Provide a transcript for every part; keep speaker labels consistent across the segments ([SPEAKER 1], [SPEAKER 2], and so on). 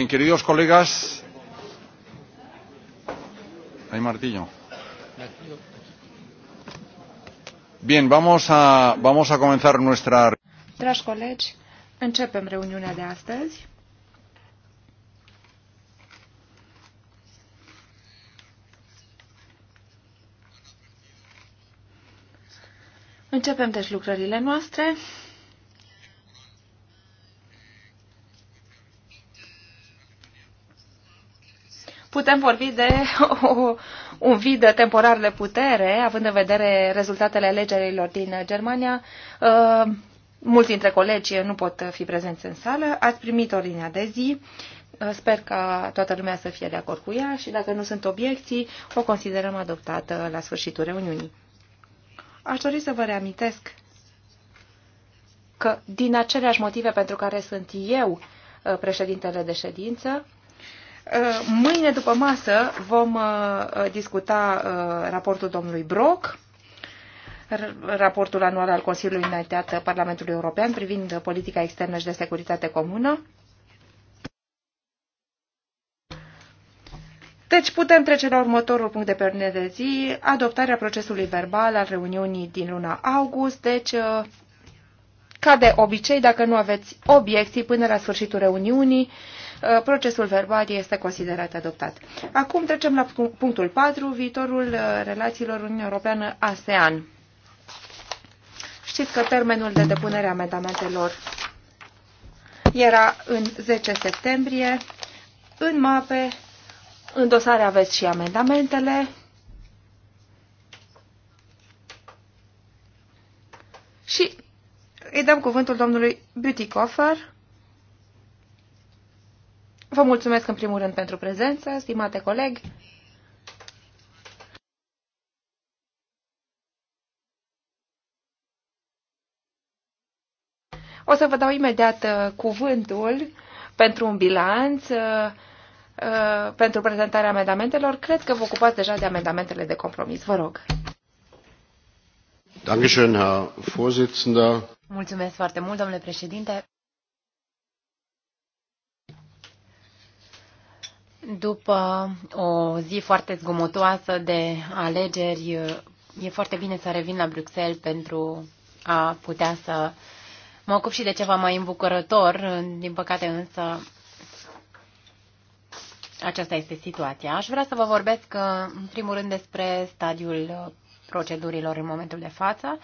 [SPEAKER 1] Bien, queridos colegas. Hay martillo. Bien, vamos a, vamos a comenzar nuestra.
[SPEAKER 2] Dragi colegi, începem reuniunea de astăzi. Începem deci lucrările noastre. putem vorbi de o, un vid temporar de putere, având în vedere rezultatele alegerilor din Germania. Uh, mulți dintre colegi nu pot fi prezenți în sală. Ați primit ordinea de zi. Uh, sper ca toată lumea să fie de acord cu ea și dacă nu sunt obiecții, o considerăm adoptată la sfârșitul reuniunii. Aș dori să vă reamintesc că din aceleași motive pentru care sunt eu uh, președintele de ședință, Uh, mâine după masă vom uh, discuta uh, raportul domnului Brock, raportul anual al Consiliului Unitat Parlamentului European privind politica externă și de securitate comună. Deci putem trece la următorul punct de pe ordine de zi, adoptarea procesului verbal al reuniunii din luna august. Deci, ca de obicei, dacă nu aveți obiecții până la sfârșitul reuniunii, Uh, procesul verbal este considerat adoptat. Acum trecem la punctul 4, viitorul uh, relațiilor Uniunea Europeană-ASEAN. Știți că termenul de depunere a amendamentelor era în 10 septembrie. În mape, în dosare aveți și amendamentele. Și îi dăm cuvântul domnului Coffer. Vă mulțumesc în primul rând pentru prezență, stimate coleg. O să vă dau imediat uh, cuvântul pentru un bilanț, uh, uh, pentru prezentarea amendamentelor. Cred că vă ocupați deja de amendamentele de compromis. Vă rog.
[SPEAKER 3] Mulțumesc foarte mult, domnule președinte. După o zi foarte zgomotoasă de alegeri, e foarte bine să revin la Bruxelles pentru a putea să mă ocup și de ceva mai îmbucurător. Din păcate însă aceasta este situația. Aș vrea să vă vorbesc în primul rând despre stadiul procedurilor în momentul de față.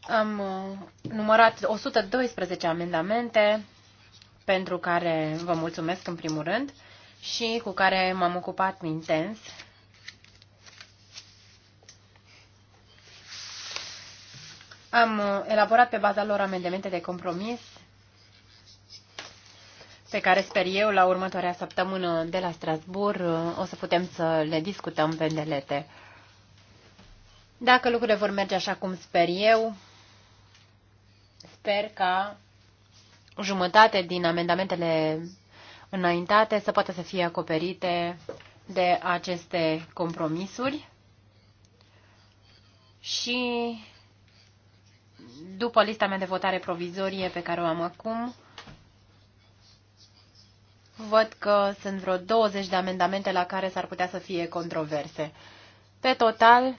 [SPEAKER 3] Am numărat 112 amendamente pentru care vă mulțumesc în primul rând și cu care m-am ocupat intens. Am uh, elaborat pe baza lor amendamente de compromis pe care sper eu la următoarea săptămână de la Strasbourg uh, o să putem să le discutăm pe delete. Dacă lucrurile vor merge așa cum sper eu, sper ca jumătate din amendamentele înaintate să poată să fie acoperite de aceste compromisuri și după lista mea de votare provizorie pe care o am acum, văd că sunt vreo 20 de amendamente la care s-ar putea să fie controverse. Pe total,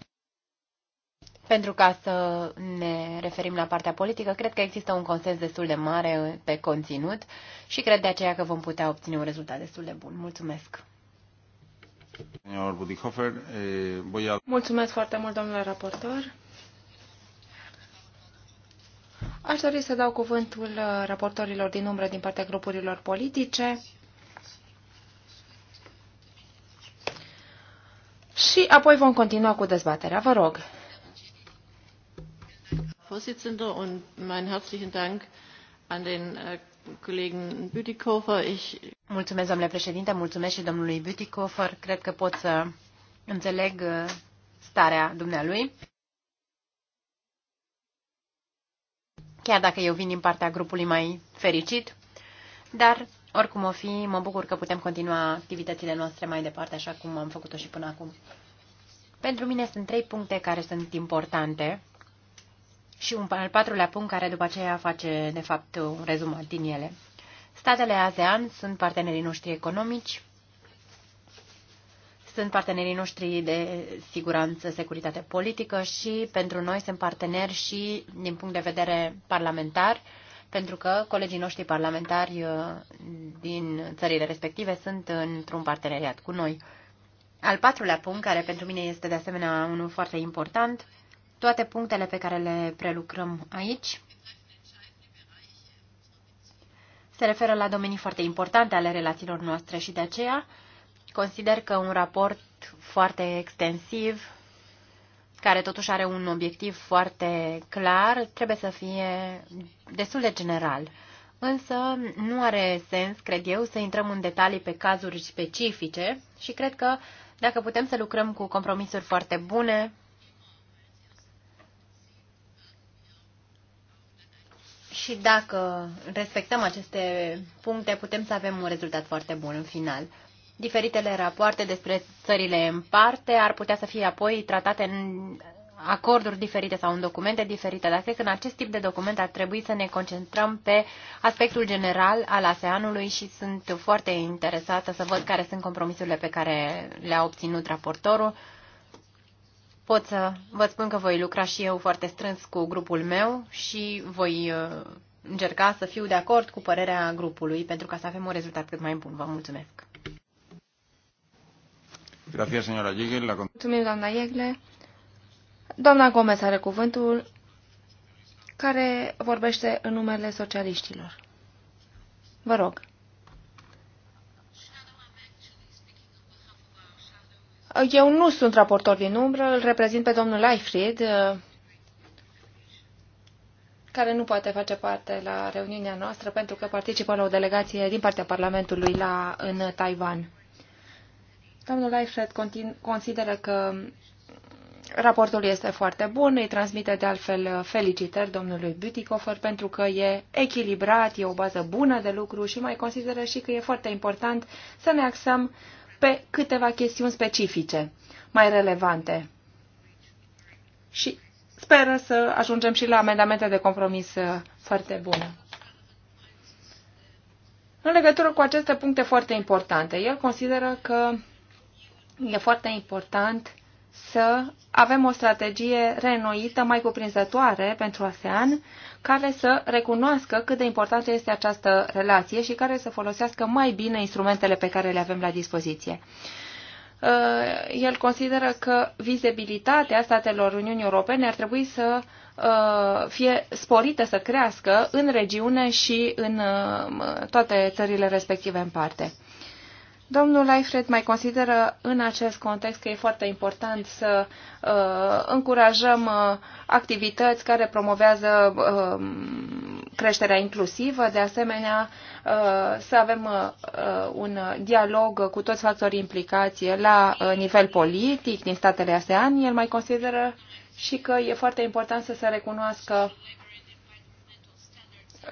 [SPEAKER 3] pentru ca să ne referim la partea politică, cred că există un consens destul de mare pe conținut și cred de aceea că vom putea obține un rezultat destul de bun. Mulțumesc!
[SPEAKER 1] Eh,
[SPEAKER 3] Mulțumesc foarte mult, domnule raportor.
[SPEAKER 2] Aș dori să dau cuvântul eh, raportorilor din umbră din partea grupurilor politice. Și apoi vom continua cu dezbaterea. Vă rog.
[SPEAKER 3] Vorsitzender, und meinen herzlichen Dank an den äh, Kollegen Bütikofer. Ich mulțumesc, domnule președinte, mulțumesc și domnului Bütikofer. Cred că pot să înțeleg uh, starea dumnealui. Chiar dacă eu vin din partea grupului mai fericit, dar oricum o fi, mă bucur că putem continua activitățile noastre mai departe, așa cum am făcut-o și până acum. Pentru mine sunt trei puncte care sunt importante și un al patrulea punct care după aceea face, de fapt, un rezumat din ele. Statele ASEAN sunt partenerii noștri economici, sunt partenerii noștri de siguranță, securitate politică și pentru noi sunt parteneri și din punct de vedere parlamentar, pentru că colegii noștri parlamentari uh, din țările respective sunt într-un parteneriat cu noi. Al patrulea punct, care pentru mine este de asemenea unul foarte important, toate punctele pe care le prelucrăm aici se referă la domenii foarte importante ale relațiilor noastre și de aceea consider că un raport foarte extensiv, care totuși are un obiectiv foarte clar, trebuie să fie destul de general. Însă nu are sens, cred eu, să intrăm în detalii pe cazuri specifice și cred că dacă putem să lucrăm cu compromisuri foarte bune, Și dacă respectăm aceste puncte, putem să avem un rezultat foarte bun în final. Diferitele rapoarte despre țările în parte ar putea să fie apoi tratate în acorduri diferite sau în documente diferite, dar cred că în acest tip de document ar trebui să ne concentrăm pe aspectul general al ASEANului și sunt foarte interesată să văd care sunt compromisurile pe care le-a obținut raportorul pot să vă spun că voi lucra și eu foarte strâns cu grupul meu și voi uh, încerca să fiu de acord cu părerea grupului pentru ca să avem un rezultat cât mai bun. Vă mulțumesc! Gracias, señora Jägle. Mulțumim,
[SPEAKER 2] doamna Jägle. Doamna Gomez are cuvântul, care vorbește în numele socialiștilor. Vă rog. Eu nu sunt raportor din umbră, îl reprezint pe domnul Leifried, uh, care nu poate face parte la reuniunea noastră pentru că participă la o delegație din partea Parlamentului la, în Taiwan. Domnul Leifried consideră că raportul este foarte bun, îi transmite de altfel felicitări domnului Butikofer pentru că e echilibrat, e o bază bună de lucru și mai consideră și că e foarte important să ne axăm uh, pe câteva chestiuni specifice, mai relevante. Și speră să ajungem și la amendamente de compromis uh, foarte bune. În legătură cu aceste puncte foarte importante, el consideră că e foarte important să avem o strategie reînnoită, mai cuprinzătoare pentru ASEAN, care să recunoască cât de importantă este această relație și care să folosească mai bine instrumentele pe care le avem la dispoziție. Uh, el consideră că vizibilitatea statelor Uniunii Europene ar trebui să uh, fie sporită, să crească în regiune și în uh, toate țările respective în parte. Domnul Leifred mai consideră în acest context că e foarte important să uh, încurajăm uh, activități care promovează uh, creșterea inclusivă, de asemenea uh, să avem uh, uh un dialog cu toți factorii implicați la uh, nivel politic din statele ASEAN. El mai consideră și că e foarte important să se recunoască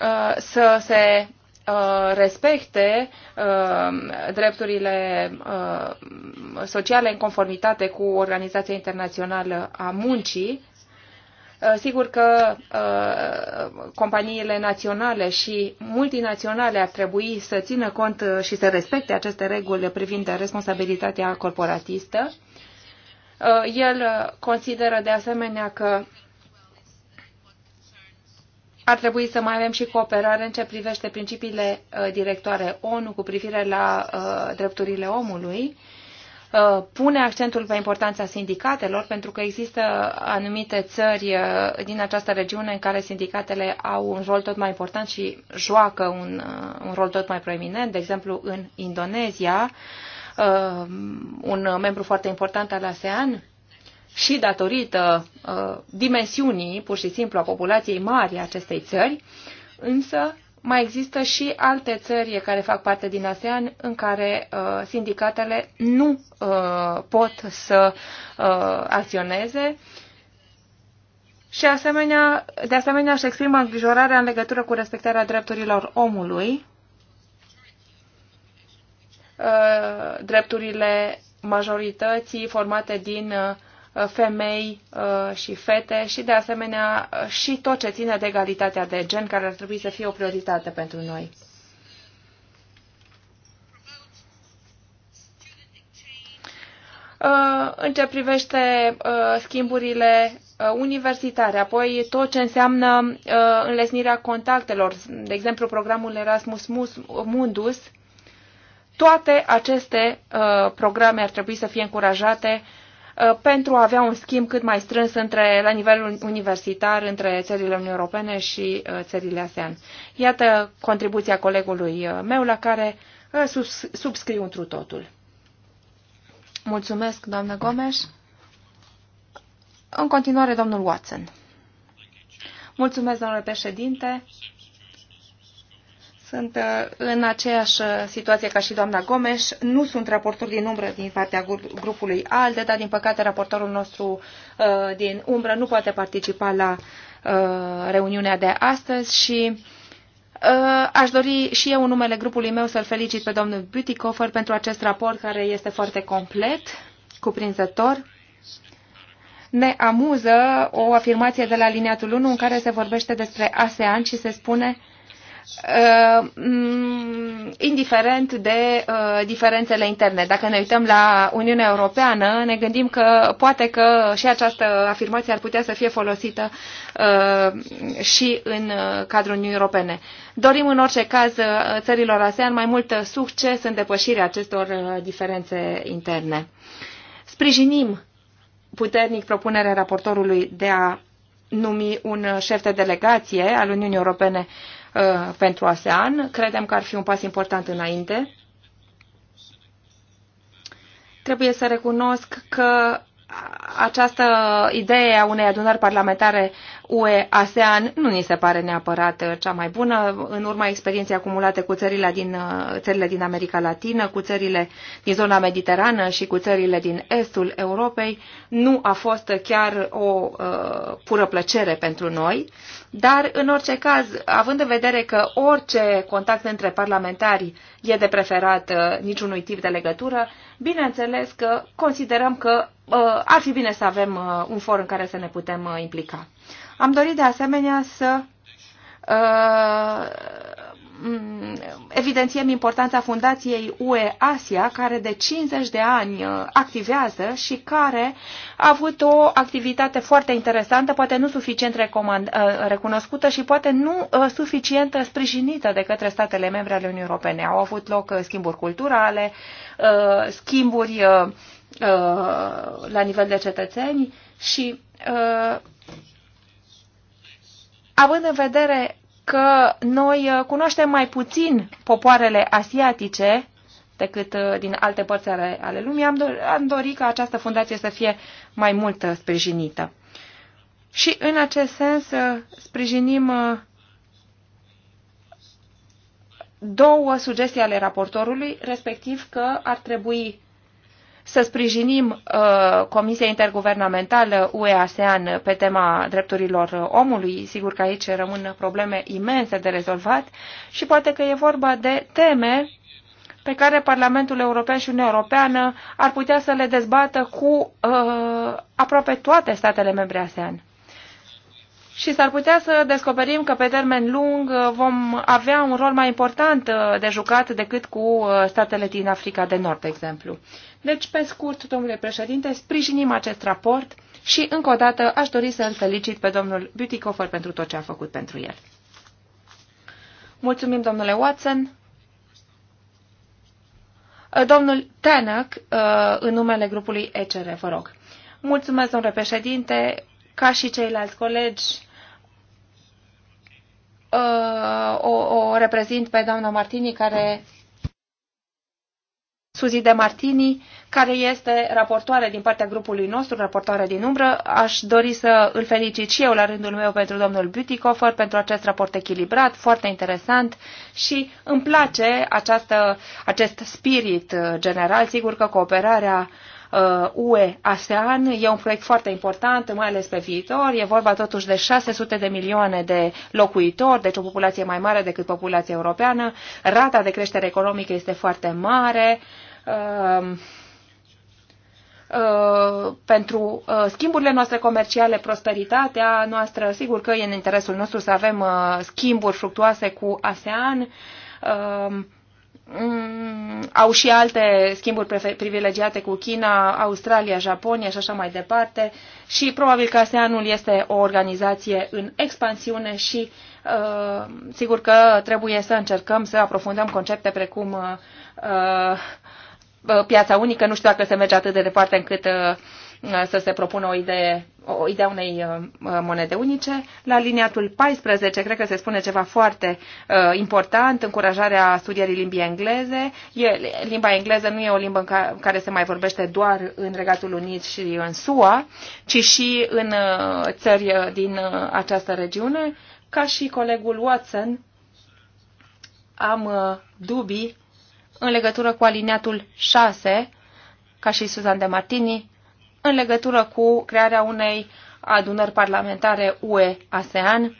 [SPEAKER 2] uh, să se Uh, respecte uh, drepturile uh, sociale în conformitate cu Organizația Internațională a Muncii. Sigur că companiile naționale și multinaționale ar trebui să țină cont și să respecte aceste reguli privind responsabilitatea corporatistă. El consideră de asemenea că ar trebui să mai avem și cooperare în ce privește principiile uh, directoare ONU cu privire la uh, drepturile omului. Uh, pune accentul pe importanța sindicatelor, pentru că există anumite țări din această regiune în care sindicatele au un rol tot mai important și joacă un, un rol tot mai proeminent, de exemplu în Indonezia, un membru foarte important al ASEAN și datorită uh, dimensiunii pur și simplu a populației mari a acestei țări, însă mai există și alte țări care fac parte din ASEAN în care uh, sindicatele nu uh, pot să uh, acționeze și asemenea, de asemenea își exprimă îngrijorarea în legătură cu respectarea drepturilor omului, uh, drepturile majorității formate din uh, Uh, femei uh, și fete și, de asemenea, uh, și tot ce ține de egalitatea de gen, care ar trebui să fie o prioritate pentru noi. În ce privește schimburile universitare, apoi tot ce înseamnă înlesnirea contactelor, de exemplu programul Erasmus Mundus, toate aceste programe ar trebui să fie încurajate Uh, pentru a avea un schimb cât mai strâns între, la nivelul universitar între țările Uniunii Europene și uh, țările ASEAN. Iată contribuția colegului uh, meu la care subscriu întru totul. Mulțumesc, doamnă Gomes. În continuare, domnul Watson. Mulțumesc, domnule președinte. Sunt uh, în aceeași uh, situație ca și doamna Gomes. Nu sunt raportor din umbră din partea grupului ALDE, dar din păcate raportorul nostru uh, din umbră nu poate participa la reuniunea de astăzi și aș dori și eu în numele grupului meu să-l felicit pe domnul Butikofer pentru acest raport care este foarte complet, cuprinzător. Ne amuză o afirmație de la liniatul 1 în care se vorbește despre ASEAN și se spune Uh, mm, indiferent de uh, diferențele interne. Dacă ne uităm la Uniunea Europeană, ne gândim că poate că și această afirmație ar putea să fie folosită uh, și în cadrul Uniunii Europene. Dorim în orice caz țărilor ASEAN mai mult succes în depășirea acestor diferențe interne. Sprijinim puternic propunerea raportorului de a numi un șef de delegație al Uniunii Europene uh, Uh, pentru ASEAN. Credem că ar fi un pas important înainte. Trebuie să recunosc că această idee a unei adunări parlamentare UE-ASEAN nu ni se pare neapărat uh, cea mai bună, în urma experienței acumulate cu țările din, uh, țările din America Latină, cu țările din zona mediterană și cu țările din estul Europei, nu a fost chiar o uh, pură plăcere pentru noi, dar în orice caz, având în vedere că orice contact între parlamentari e de preferat uh, niciunui tip de legătură, bineînțeles că considerăm că Uh, ar fi bine să avem uh, un for în care să ne putem uh, implica. Am dorit de asemenea să evidențiem importanța Fundației UE Asia, care de 50 de ani activează și care a avut o activitate foarte interesantă, poate nu suficient recomand, recunoscută și poate nu suficient sprijinită de către statele membre ale Uniunii Europene. Au avut loc schimburi culturale, schimburi Uh, la nivel de cetățeni și uh, având în vedere că noi uh, cunoaștem mai puțin popoarele asiatice decât din alte părți ale, lumii, am, dorit, am dorit ca această fundație să fie mai mult sprijinită. Și în acest sens sprijinim două sugestii ale raportorului, respectiv că ar trebui să sprijinim uh, Comisia Interguvernamentală UE-ASEAN pe tema drepturilor uh, omului. Sigur că aici rămân probleme imense de rezolvat și poate că e vorba de teme pe care Parlamentul European și Uniunea Europeană ar putea să le dezbată cu uh, aproape toate statele membre ASEAN. Și s-ar putea să descoperim că pe termen lung uh, vom avea un rol mai important uh, de jucat decât cu statele din Africa de Nord, de exemplu. Deci, pe scurt, domnule președinte, sprijinim acest raport și, încă o dată, aș dori să îl felicit pe domnul Butikofer pentru tot ce a făcut pentru el. Mulțumim, domnule Watson. Uh, domnul Tanak, uh, în numele grupului ECR, vă rog. Mulțumesc, domnule președinte. Ca și ceilalți colegi, uh, o, o reprezint pe doamna Martini, care Suzy de Martini, care este raportoare din partea grupului nostru, raportoare din umbră. Aș dori să îl felicit și eu la rândul meu pentru domnul Butikofer, pentru acest raport echilibrat, foarte interesant și îmi place această, acest spirit uh, general. Sigur că cooperarea uh, UE-ASEAN. Uh, e un proiect foarte important, mai ales pe viitor. E vorba totuși de 600 de milioane de locuitori, deci o populație mai mare decât populația europeană. Rata de creștere economică este foarte mare. Uh, uh pentru uh, schimburile noastre comerciale, prosperitatea noastră, sigur că e în interesul nostru să avem schimburi fructuoase cu ASEAN. Mm, au și alte schimburi privilegiate cu China, Australia, Japonia și așa mai departe și probabil că ASEANul este o organizație în expansiune și uh, sigur că trebuie să încercăm să aprofundăm concepte precum uh, uh piața unică, nu știu dacă se merge atât de departe încât uh, Uh, să se propună o idee o idee unei uh, uh, monede unice. La liniatul 14, cred că se spune ceva foarte uh, important, încurajarea studierii limbii engleze. E, limba engleză nu e o limbă în ca, care se mai vorbește doar în Regatul Unit și în SUA, ci și în uh, țări din uh, această regiune. Ca și colegul Watson, am uh, dubii în legătură cu aliniatul 6, ca și Suzan de Martini, în legătură cu crearea unei adunări parlamentare UE-ASEAN. Uh,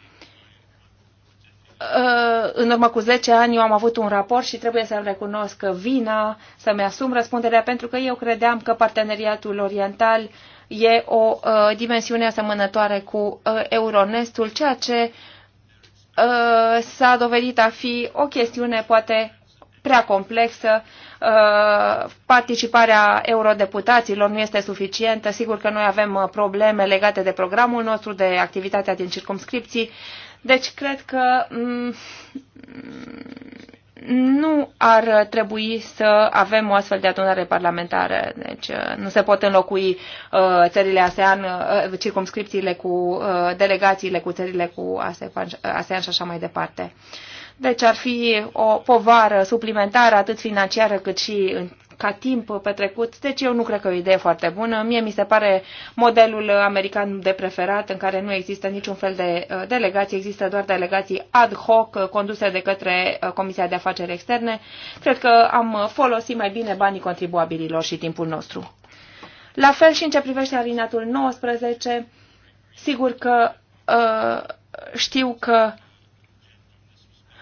[SPEAKER 2] în urmă cu 10 ani eu am avut un raport și trebuie să-mi recunosc vina, să-mi asum răspunderea, pentru că eu credeam că parteneriatul oriental e o uh, dimensiune asemănătoare cu uh, Euronestul, ceea ce s-a dovedit a fi o chestiune poate prea complexă, uh, participarea eurodeputaților nu este suficientă, sigur că noi avem uh, probleme legate de programul nostru, de activitatea din circumscripții, deci cred că mm, nu ar trebui să avem o astfel de adunare parlamentară. Deci uh, nu se pot înlocui țările ASEAN, circumscripțiile cu delegațiile cu țările cu ASEAN și așa mai departe. Deci ar fi o povară suplimentară, atât financiară cât și ca timp petrecut. Deci eu nu cred că e o idee foarte bună. Mie mi se pare modelul american de preferat, în care nu există niciun fel de uh, delegații, există doar delegații ad hoc uh, conduse de către uh, Comisia de Afaceri Externe. Cred că am folosit mai bine banii contribuabililor și timpul nostru. La fel și în ce privește alinatul 19, sigur că știu că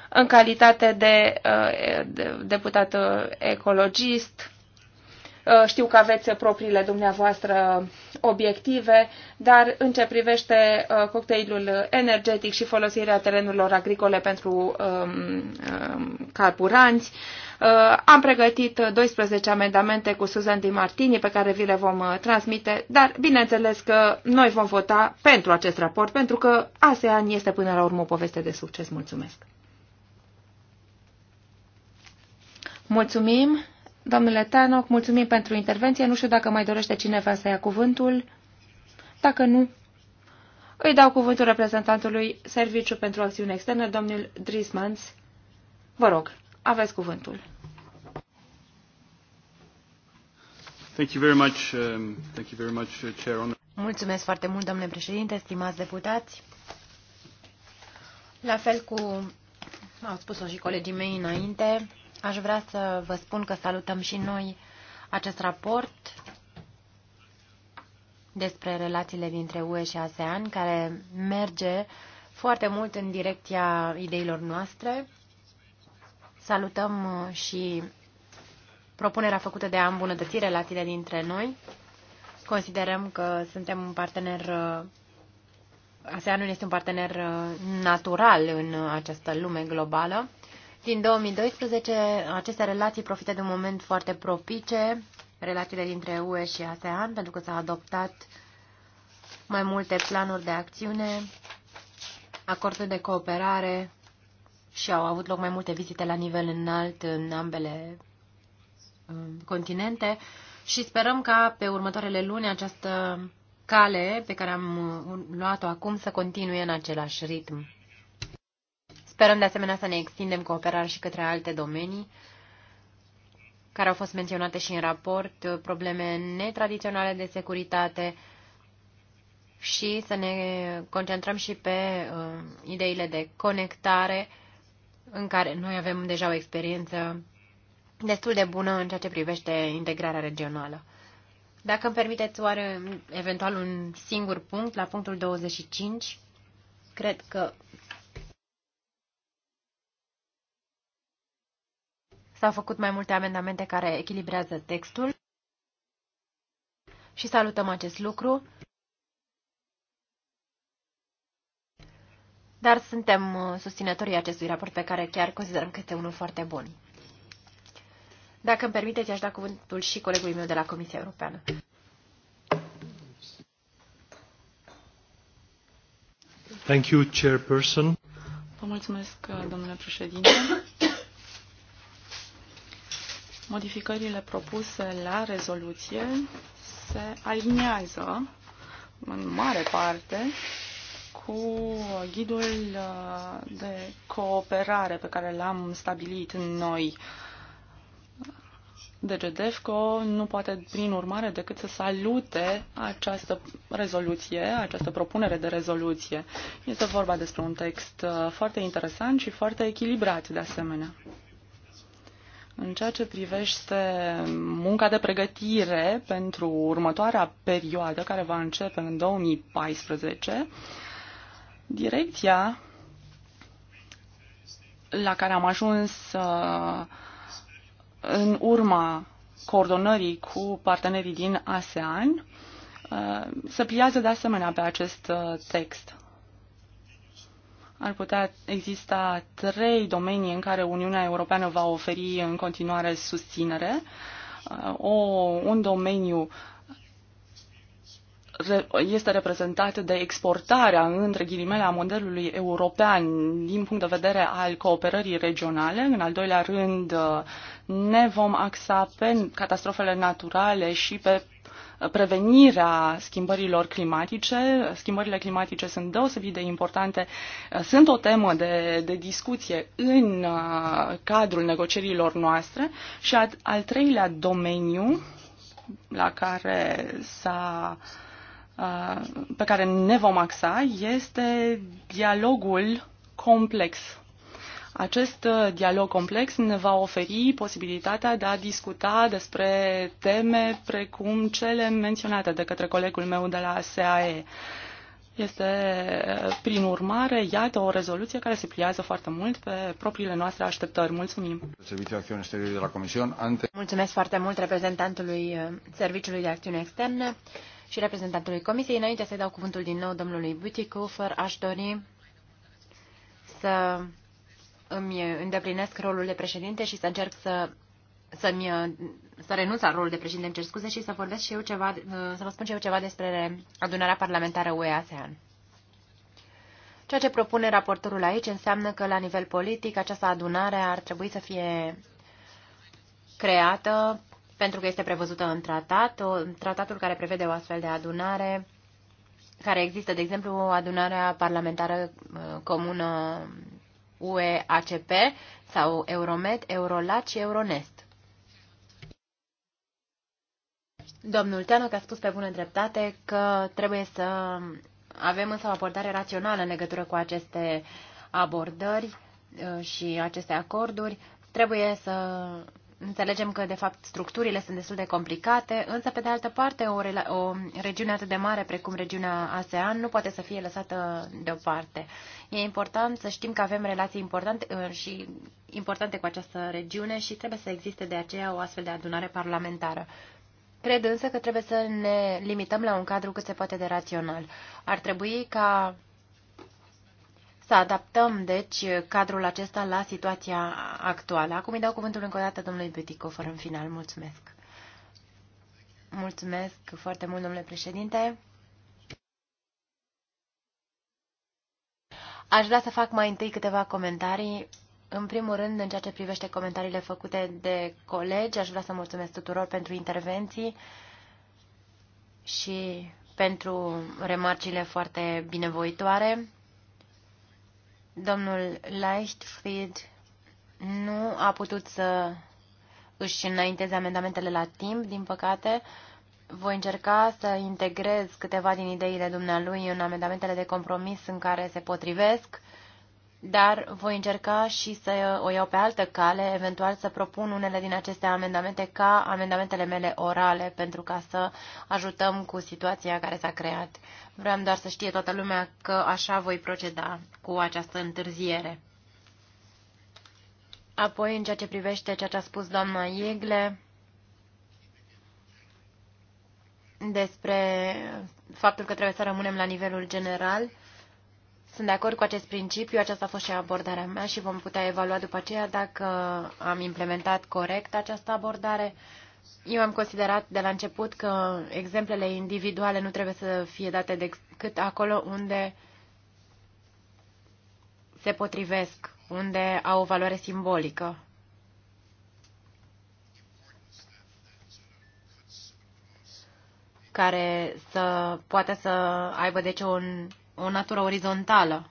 [SPEAKER 2] în calitate de, uh, deputat uh, ecologist. Uh, știu că aveți propriile dumneavoastră obiective, dar în ce privește cocktailul energetic și folosirea terenurilor agricole pentru um, um, carburanți, am pregătit 12 amendamente cu Susan Di Martini pe care vi le vom transmite, dar bineînțeles că noi vom vota pentru acest raport, pentru că ASEAN este până la urmă o poveste de succes. Mulțumesc! Mulțumim, domnule Tanoc, mulțumim pentru intervenție. Nu știu dacă mai dorește cineva să ia cuvântul. Dacă nu, îi dau cuvântul reprezentantului Serviciu pentru Acțiune Externă, domnul Drismans.
[SPEAKER 3] Vă rog, aveți cuvântul. Thank you very much, um, thank you very much, uh, Chair. Mulțumesc foarte mult, domnule președinte, stimați deputați. La fel cu au spus-o și colegii mei înainte, Aș vrea să vă spun că salutăm și noi acest raport despre relațiile dintre UE și ASEAN, care merge foarte mult în direcția ideilor noastre. Salutăm uh, și propunerea făcută de a îmbunătăți relațiile dintre noi. Considerăm că suntem un partener, uh, ASEANul este un partener uh, natural în această lume globală din 2012. Aceste relații profită de un moment foarte propice, relațiile dintre UE și ASEAN, pentru că s au adoptat mai multe planuri de acțiune, acorduri de cooperare și au avut loc mai multe vizite la nivel înalt în ambele um, continente și sperăm ca pe următoarele luni această cale pe care am um, luat-o acum să continue în același ritm. Sperăm de asemenea să ne extindem cooperarea și către alte domenii care au fost menționate și în raport, probleme netradiționale de securitate și să ne concentrăm și pe uh, ideile de conectare în care noi avem deja o experiență destul de bună în ceea ce privește integrarea regională. Dacă îmi permiteți oare eventual un singur punct, la punctul 25, cred că S-au făcut mai multe amendamente care echilibrează textul și salutăm acest lucru. Dar suntem uh, susținătorii acestui raport pe care chiar considerăm că este unul foarte bun. Dacă îmi permiteți, aș da cuvântul și colegului meu de la Comisia Europeană. Thank you, Chairperson.
[SPEAKER 1] Vă mulțumesc, uh, domnule președinte. Modificările propuse la rezoluție se aliniază în mare parte cu ghidul uh, de cooperare pe care l-am stabilit noi. DGDFCO nu poate, prin urmare, decât să salute această rezoluție, această propunere de rezoluție. Este vorba despre un text uh, foarte interesant și foarte echilibrat, de asemenea. În ceea ce privește munca de pregătire pentru următoarea perioadă care va începe în 2014, direcția la care am ajuns uh, în urma coordonării cu partenerii din ASEAN uh, se pliază de asemenea pe acest uh, text ar putea exista trei domenii în care Uniunea Europeană va oferi în continuare susținere. Uh, o, un domeniu este reprezentat de exportarea, între ghilimele, a modelului european din punct de vedere al cooperării regionale. În al doilea rând, uh, ne vom axa pe catastrofele naturale și pe prevenirea schimbărilor climatice. Schimbările climatice sunt deosebit de importante, sunt o temă de, de discuție în uh, cadrul negocierilor noastre și al treilea domeniu la care s-a uh, pe care ne vom axa este dialogul complex acest uh, dialog complex ne va oferi posibilitatea de a discuta despre teme precum cele menționate de către colegul meu de la SAE. Este, uh, prin urmare, iată o rezoluție care se pliază foarte mult pe propriile noastre așteptări.
[SPEAKER 3] Mulțumim! Serviciul de Acțiune de la Comision. Ante... Mulțumesc foarte mult reprezentantului uh, Serviciului de Acțiune Externă și reprezentantului Comisiei. Înainte să dau cuvântul din nou domnului Butikofer, aș dori să îmi îndeplinesc rolul de președinte și să încerc să să-mi, să renunț la rolul de președinte, îmi cer scuze, și să vorbesc și eu ceva, să vă spun și eu ceva despre adunarea parlamentară UE-ASEAN. Ceea ce propune raportorul aici înseamnă că la nivel politic această adunare ar trebui să fie creată pentru că este prevăzută în tratat, o, tratatul care prevede o astfel de adunare, care există, de exemplu, adunarea parlamentară uh, comună UEACP sau Euromed, Eurolat și Euronest. Domnul Teanoc a spus pe bună dreptate că trebuie să avem însă o abordare rațională în legătură cu aceste abordări uh, și aceste acorduri. Trebuie să Înțelegem că, de fapt, structurile sunt destul de complicate, însă, pe de altă parte, o, o regiune atât de mare precum regiunea ASEAN nu poate să fie lăsată deoparte. E important să știm că avem relații importante uh, și importante cu această regiune și trebuie să existe de aceea o astfel de adunare parlamentară. Cred însă că trebuie să ne limităm la un cadru cât se poate de rațional. Ar trebui ca să adaptăm, deci, cadrul acesta la situația actuală. Acum îi dau cuvântul încă o dată domnului Buticofer în final. Mulțumesc! Mulțumesc foarte mult, domnule președinte! Aș vrea să fac mai întâi câteva comentarii. În primul rând, în ceea ce privește comentariile făcute de colegi, aș vrea să mulțumesc tuturor pentru intervenții și pentru remarcile foarte binevoitoare. Domnul Leichtfried nu a putut să își înainteze amendamentele la timp, din păcate. Voi încerca să integrez câteva din ideile dumnealui în amendamentele de compromis în care se potrivesc dar voi încerca și să o iau pe altă cale, eventual să propun unele din aceste amendamente ca amendamentele mele orale, pentru ca să ajutăm cu situația care s-a creat. Vreau doar să știe toată lumea că așa voi proceda cu această întârziere. Apoi, în ceea ce privește ceea ce a spus doamna Iegle despre faptul că trebuie să rămânem la nivelul general, sunt de acord cu acest principiu, aceasta a fost și abordarea mea și vom putea evalua după aceea dacă am implementat corect această abordare. Eu am considerat de la început că exemplele individuale nu trebuie să fie date decât acolo unde se potrivesc, unde au o valoare simbolică. care să poată să aibă deci un o natură orizontală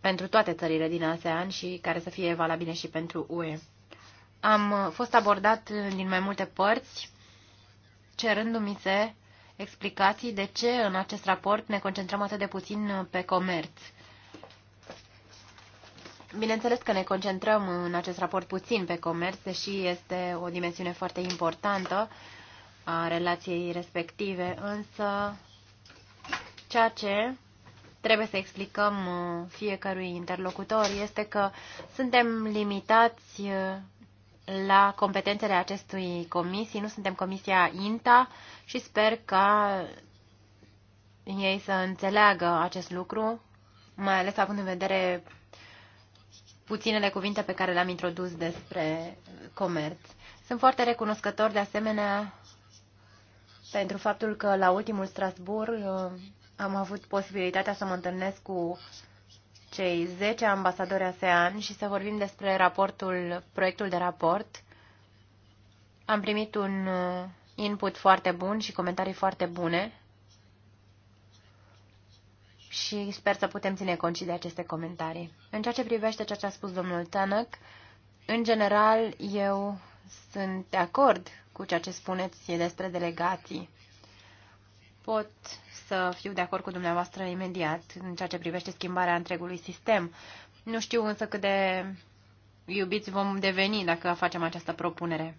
[SPEAKER 3] pentru toate țările din ASEAN și care să fie valabile și pentru UE. Am fost abordat din mai multe părți, cerându-mi se explicații de ce în acest raport ne concentrăm atât de puțin pe comerț. Bineînțeles că ne concentrăm în acest raport puțin pe comerț, deși este o dimensiune foarte importantă a relației respective, însă Ceea ce trebuie să explicăm uh, fiecărui interlocutor este că suntem limitați uh, la competențele acestui comisii, nu suntem comisia INTA și sper ca ei să înțeleagă acest lucru, mai ales având în vedere puținele cuvinte pe care le-am introdus despre comerț. Sunt foarte recunoscător de asemenea pentru faptul că la ultimul Strasbourg uh, am avut posibilitatea să mă întâlnesc cu cei 10 ambasadori ASEAN și să vorbim despre raportul, proiectul de raport. Am primit un uh, input foarte bun și comentarii foarte bune și sper să putem ține cont și de aceste comentarii. În ceea ce privește ceea ce a spus domnul Tanăc, în general eu sunt de acord cu ceea ce spuneți despre delegații. Pot să fiu de acord cu dumneavoastră imediat în ceea ce privește schimbarea întregului sistem. Nu știu însă cât de iubiți vom deveni dacă facem această propunere.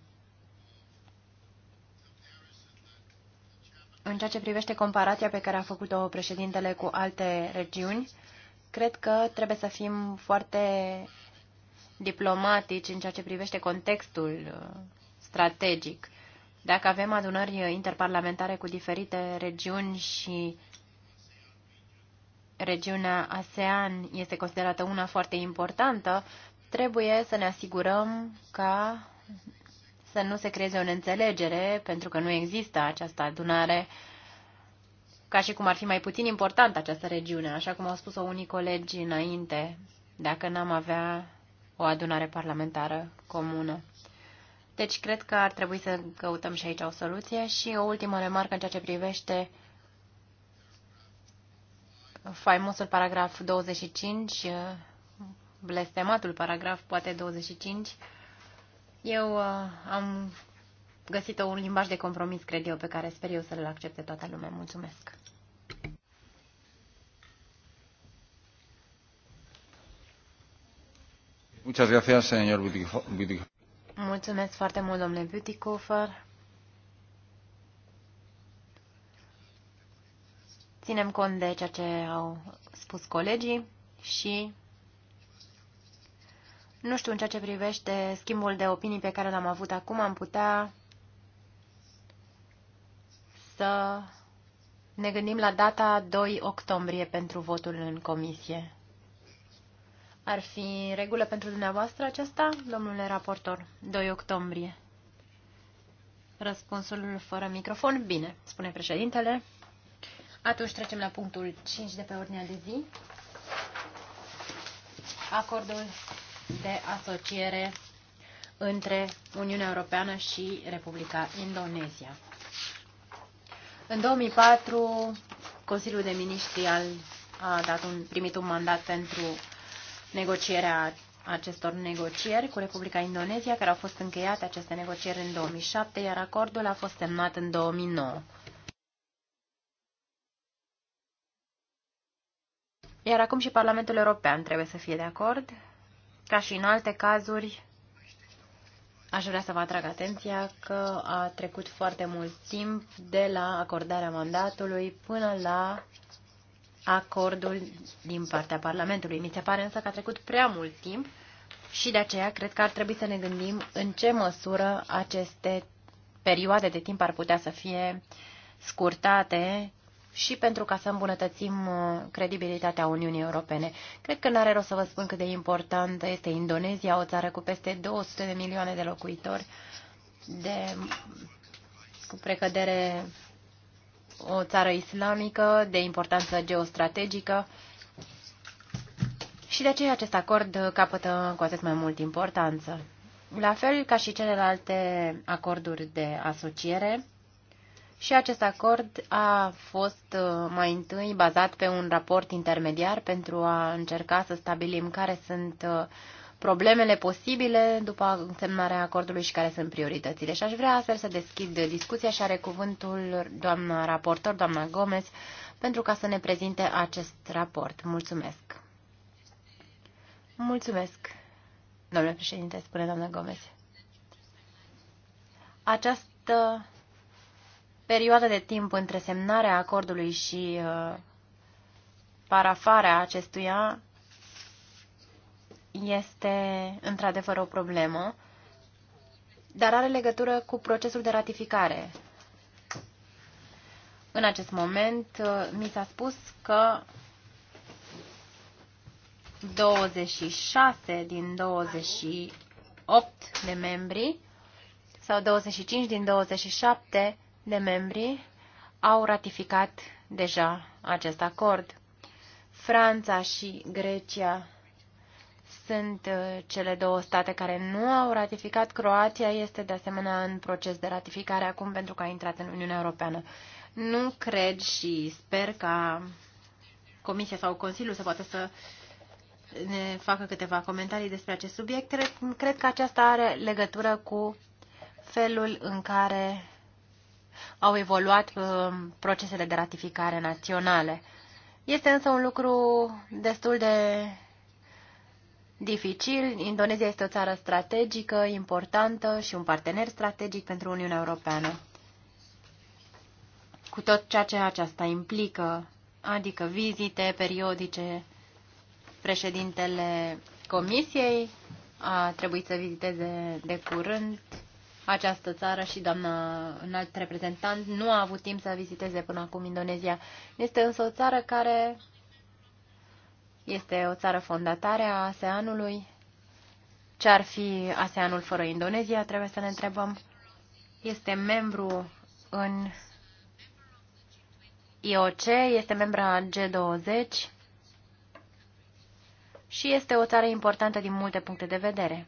[SPEAKER 3] În ceea ce privește comparația pe care a făcut-o președintele cu alte regiuni, cred că trebuie să fim foarte diplomatici în ceea ce privește contextul uh, strategic. Dacă avem adunări interparlamentare cu diferite regiuni și regiunea ASEAN este considerată una foarte importantă, trebuie să ne asigurăm ca să nu se creeze o neînțelegere, pentru că nu există această adunare, ca și cum ar fi mai puțin importantă această regiune, așa cum au spus-o unii colegi înainte, dacă n-am avea o adunare parlamentară comună. Deci cred că ar trebui să căutăm și aici o soluție. Și o ultimă remarcă în ceea ce privește faimosul paragraf 25, blestematul paragraf, poate 25, eu uh, am găsit un limbaj de compromis, cred eu, pe care sper eu să-l accepte toată lumea. Mulțumesc!
[SPEAKER 2] Muchas gracias,
[SPEAKER 3] señor Butikhofer. Mulțumesc foarte mult, domnule Beautycofer. Ținem cont de ceea ce au spus colegii și nu știu în ceea ce privește schimbul de opinii pe care l-am avut acum, am putea să ne gândim la data 2 octombrie pentru votul în comisie. Ar fi regulă pentru dumneavoastră aceasta, domnule raportor? 2 octombrie. Răspunsul fără microfon? Bine, spune președintele. Atunci trecem la punctul 5 de pe ordinea de zi. Acordul de asociere între Uniunea Europeană și Republica Indonezia. În 2004, Consiliul de Ministri al, a dat un, primit un mandat pentru negocierea acestor negocieri cu Republica Indonezia, care au fost încheiate aceste negocieri în 2007, iar acordul a fost semnat în 2009. Iar acum și Parlamentul European trebuie să fie de acord. Ca și în alte cazuri, aș vrea să vă atrag atenția că a trecut foarte mult timp de la acordarea mandatului până la acordul din partea Parlamentului. Mi se pare însă că a trecut prea mult timp și de aceea cred că ar trebui să ne gândim în ce măsură aceste perioade de timp ar putea să fie scurtate și pentru ca să îmbunătățim uh, credibilitatea Uniunii Europene. Cred că n-are rost să vă spun cât de importantă este Indonezia, o țară cu peste 200 de milioane de locuitori, de, cu precădere o țară islamică de importanță geostrategică și de aceea acest acord capătă cu atât mai mult importanță. La fel ca și celelalte acorduri de asociere, și acest acord a fost uh, mai întâi bazat pe un raport intermediar pentru a încerca să stabilim care sunt uh, problemele posibile după semnarea acordului și care sunt prioritățile. Și aș vrea astfel să deschid discuția și are cuvântul doamna raportor, doamna Gomez, pentru ca să ne prezinte acest raport. Mulțumesc! Mulțumesc, domnule președinte, spune doamna Gomez. Această perioadă de timp între semnarea acordului și uh, parafarea acestuia este într-adevăr o problemă, dar are legătură cu procesul de ratificare. În acest moment uh, mi s-a spus că 26 din 28 de membri sau 25 din 27 de membri au ratificat deja acest acord. Franța și Grecia sunt uh, cele două state care nu au ratificat. Croația este de asemenea în proces de ratificare acum pentru că a intrat în Uniunea Europeană. Nu cred și sper ca Comisia sau Consiliul să poată să ne facă câteva comentarii despre acest subiect. Cred, cred că aceasta are legătură cu felul în care au evoluat uh, procesele de ratificare naționale. Este însă un lucru destul de dificil. Indonezia este o țară strategică, importantă și un partener strategic pentru Uniunea Europeană. Cu tot ceea ce aceasta implică, adică vizite periodice, președintele Comisiei a trebuit să viziteze de curând această țară și doamna înalt reprezentant nu a avut timp să viziteze până acum Indonezia. Este însă o țară care este o țară fondatare a ASEANului. Ce ar fi ASEANul fără Indonezia, trebuie să ne întrebăm. Este membru în IOC, este a G20 și este o țară importantă din multe puncte de vedere.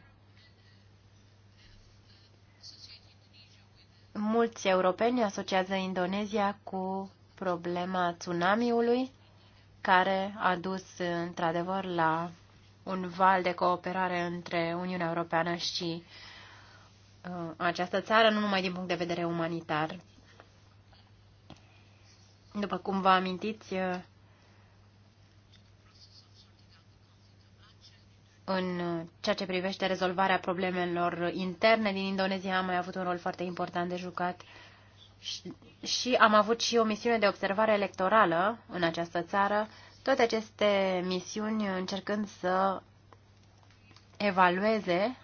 [SPEAKER 3] Mulți europeni asociază Indonezia cu problema tsunamiului care a dus într-adevăr la un val de cooperare între Uniunea Europeană și uh, această țară, nu numai din punct de vedere umanitar. După cum vă amintiți, uh, în ceea ce privește rezolvarea problemelor interne din Indonezia, am mai avut un rol foarte important de jucat uh, și, am avut și o misiune de observare electorală în această țară, toate aceste misiuni încercând să evalueze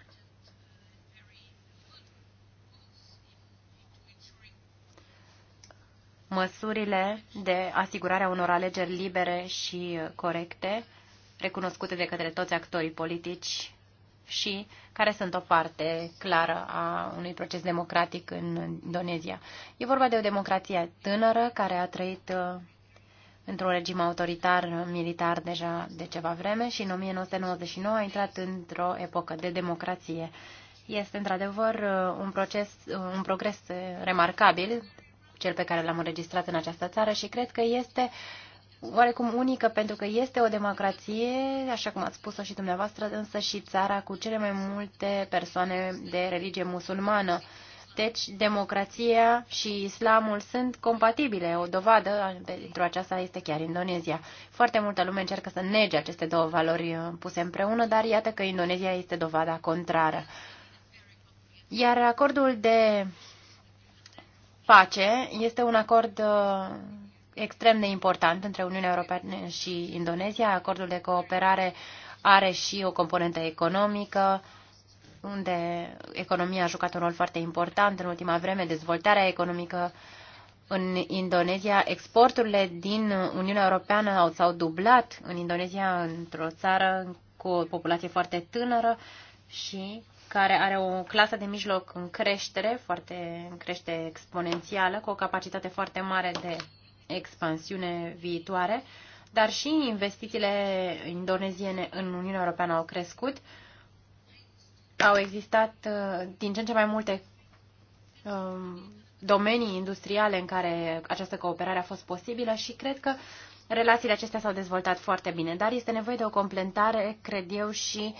[SPEAKER 3] măsurile de asigurare a unor alegeri libere și corecte, recunoscute de către toți actorii politici și care sunt o parte clară a unui proces democratic în Indonezia. E vorba de o democrație tânără care a trăit uh, într-un regim autoritar militar deja de ceva vreme și în 1999 a intrat într-o epocă de democrație. Este într-adevăr uh, un, proces, uh, un progres remarcabil, cel pe care l-am înregistrat în această țară și cred că este uh, oarecum unică pentru că este o democrație, așa cum ați spus-o și dumneavoastră, însă și țara cu cele mai multe persoane de religie musulmană. Deci, democrația și islamul sunt compatibile. O dovadă pentru aceasta este chiar Indonezia. Foarte multă lume încearcă să nege aceste două valori puse împreună, dar iată că Indonezia este dovada contrară. Iar acordul de pace este un acord extrem de important între Uniunea Europeană și Indonezia. Acordul de cooperare are și o componentă economică, unde economia a jucat un rol foarte important în ultima vreme, dezvoltarea economică în Indonezia. Exporturile din Uniunea Europeană s-au dublat în Indonezia, într-o țară cu o populație foarte tânără și care are o clasă de mijloc în creștere, foarte în creștere exponențială, cu o capacitate foarte mare de expansiune viitoare, dar și investițiile indoneziene în Uniunea Europeană au crescut. Au existat uh, din ce în ce mai multe um, domenii industriale în care această cooperare a fost posibilă și cred că relațiile acestea s-au dezvoltat foarte bine, dar este nevoie de o completare, cred eu, și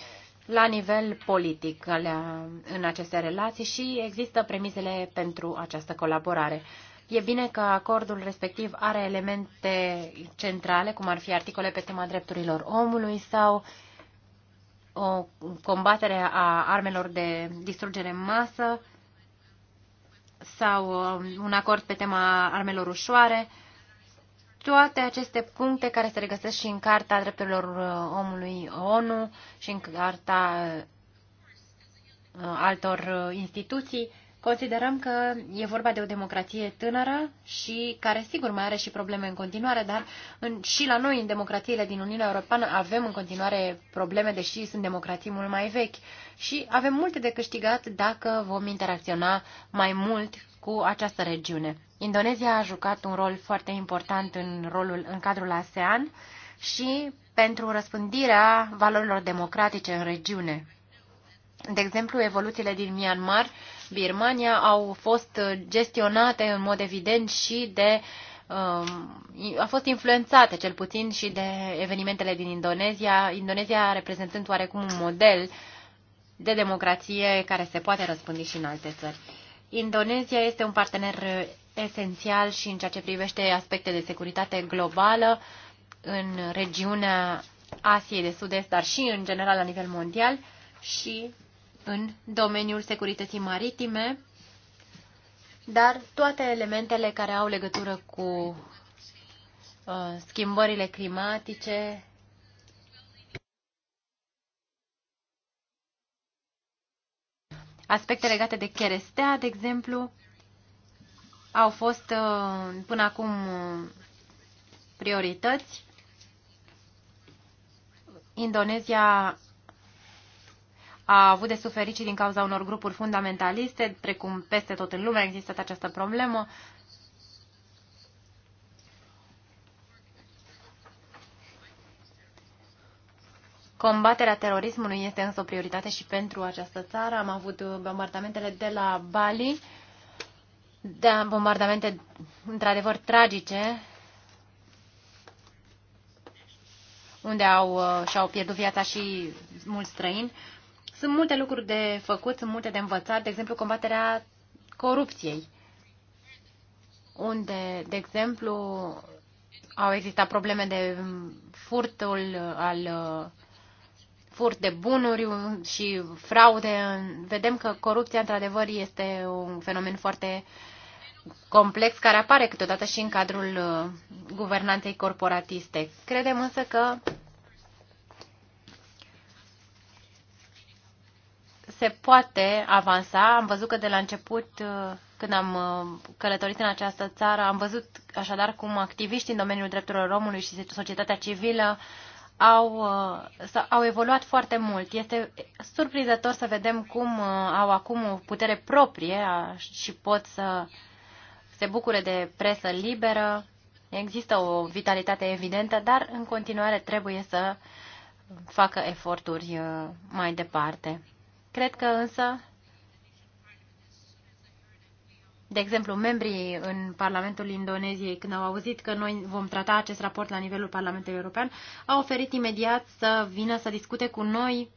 [SPEAKER 3] la nivel politic în aceste relații și există premisele pentru această colaborare. E bine că acordul respectiv are elemente centrale, cum ar fi articole pe tema drepturilor omului sau o combatere a armelor de distrugere în masă sau um, un acord pe tema armelor ușoare. Toate aceste puncte care se regăsesc și în Carta Drepturilor uh, Omului ONU și în Carta uh, altor uh, instituții Considerăm că e vorba de o democrație tânără și care sigur mai are și probleme în continuare, dar în, și la noi în democrațiile din Uniunea Europeană avem în continuare probleme, deși sunt democrații mult mai vechi și avem multe de câștigat dacă vom interacționa mai mult cu această regiune. Indonezia a jucat un rol foarte important în rolul în cadrul ASEAN și pentru răspândirea valorilor democratice în regiune. De exemplu, evoluțiile din Myanmar, Birmania, au fost gestionate în mod evident și de um, a fost influențate cel puțin și de evenimentele din Indonezia, Indonezia reprezentând oarecum un model de democrație care se poate răspândi și în alte țări. Indonezia este un partener esențial și în ceea ce privește aspecte de securitate globală în regiunea Asiei de Sud-Est, dar și în general la nivel mondial și în domeniul securității maritime, dar toate elementele care au legătură cu uh, schimbările climatice, aspecte legate de cherestea, de exemplu, au fost uh, până acum uh, priorități. Indonezia a avut de suferit și din cauza unor grupuri fundamentaliste, precum peste tot în lume a existat această problemă. Combaterea terorismului este însă o prioritate și pentru această țară. Am avut bombardamentele de la Bali, de da, bombardamente într-adevăr tragice, unde au, uh, și-au pierdut viața și mulți străini. Sunt multe lucruri de făcut, sunt multe de învățat, de exemplu combaterea corupției, unde, de exemplu, au existat probleme de furtul al furt de bunuri și fraude. Vedem că corupția, într-adevăr, este un fenomen foarte complex care apare câteodată și în cadrul uh, guvernanței corporatiste. Credem însă că se poate avansa. Am văzut că de la început, uh, când am uh, călătorit în această țară, am văzut așadar cum activiștii în domeniul drepturilor omului și societatea civilă au, uh, au evoluat foarte mult. Este surprinzător să vedem cum au acum o putere proprie și pot să se bucure de presă liberă. Există o vitalitate evidentă, dar în continuare trebuie să facă eforturi mai departe. Cred că însă, de exemplu, membrii în Parlamentul Indoneziei, când au auzit că noi vom trata acest raport la nivelul Parlamentului European, au oferit imediat să vină să discute cu noi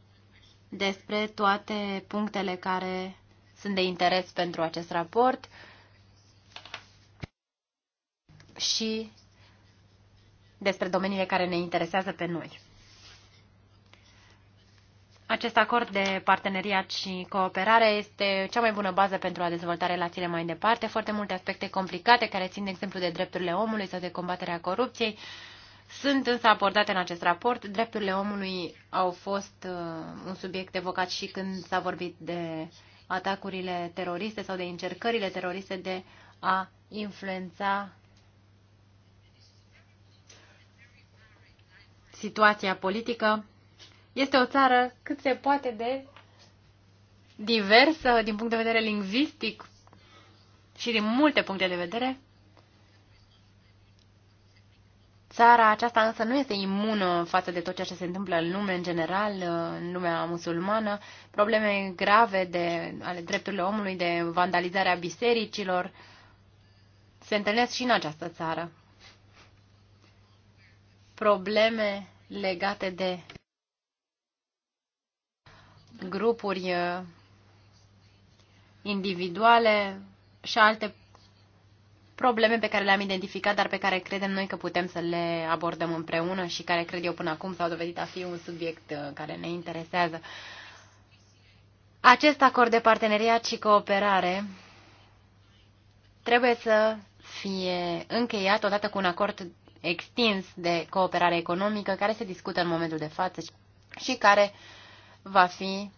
[SPEAKER 3] despre toate punctele care sunt de interes pentru acest raport și despre domeniile care ne interesează pe noi. Acest acord de parteneriat și cooperare este cea mai bună bază pentru a dezvolta relațiile mai departe. Foarte multe aspecte complicate care țin, de exemplu, de drepturile omului sau de combaterea corupției sunt însă abordate în acest raport. Drepturile omului au fost uh, un subiect evocat și când s-a vorbit de atacurile teroriste sau de încercările teroriste de a influența situația politică este o țară cât se poate de diversă din punct de vedere lingvistic și din multe puncte de vedere. Țara aceasta însă nu este imună față de tot ceea ce se întâmplă în lume în general, în lumea musulmană, probleme grave de, ale drepturilor omului, de vandalizarea bisericilor, se întâlnesc și în această țară. Probleme legate de grupuri uh, individuale și alte probleme pe care le-am identificat, dar pe care credem noi că putem să le abordăm împreună și care cred eu până acum s-au dovedit a fi un subiect uh, care ne interesează. Acest acord de parteneriat și cooperare trebuie să fie încheiat odată cu un acord extins de cooperare economică care se discută în momentul de față și care uh, va fi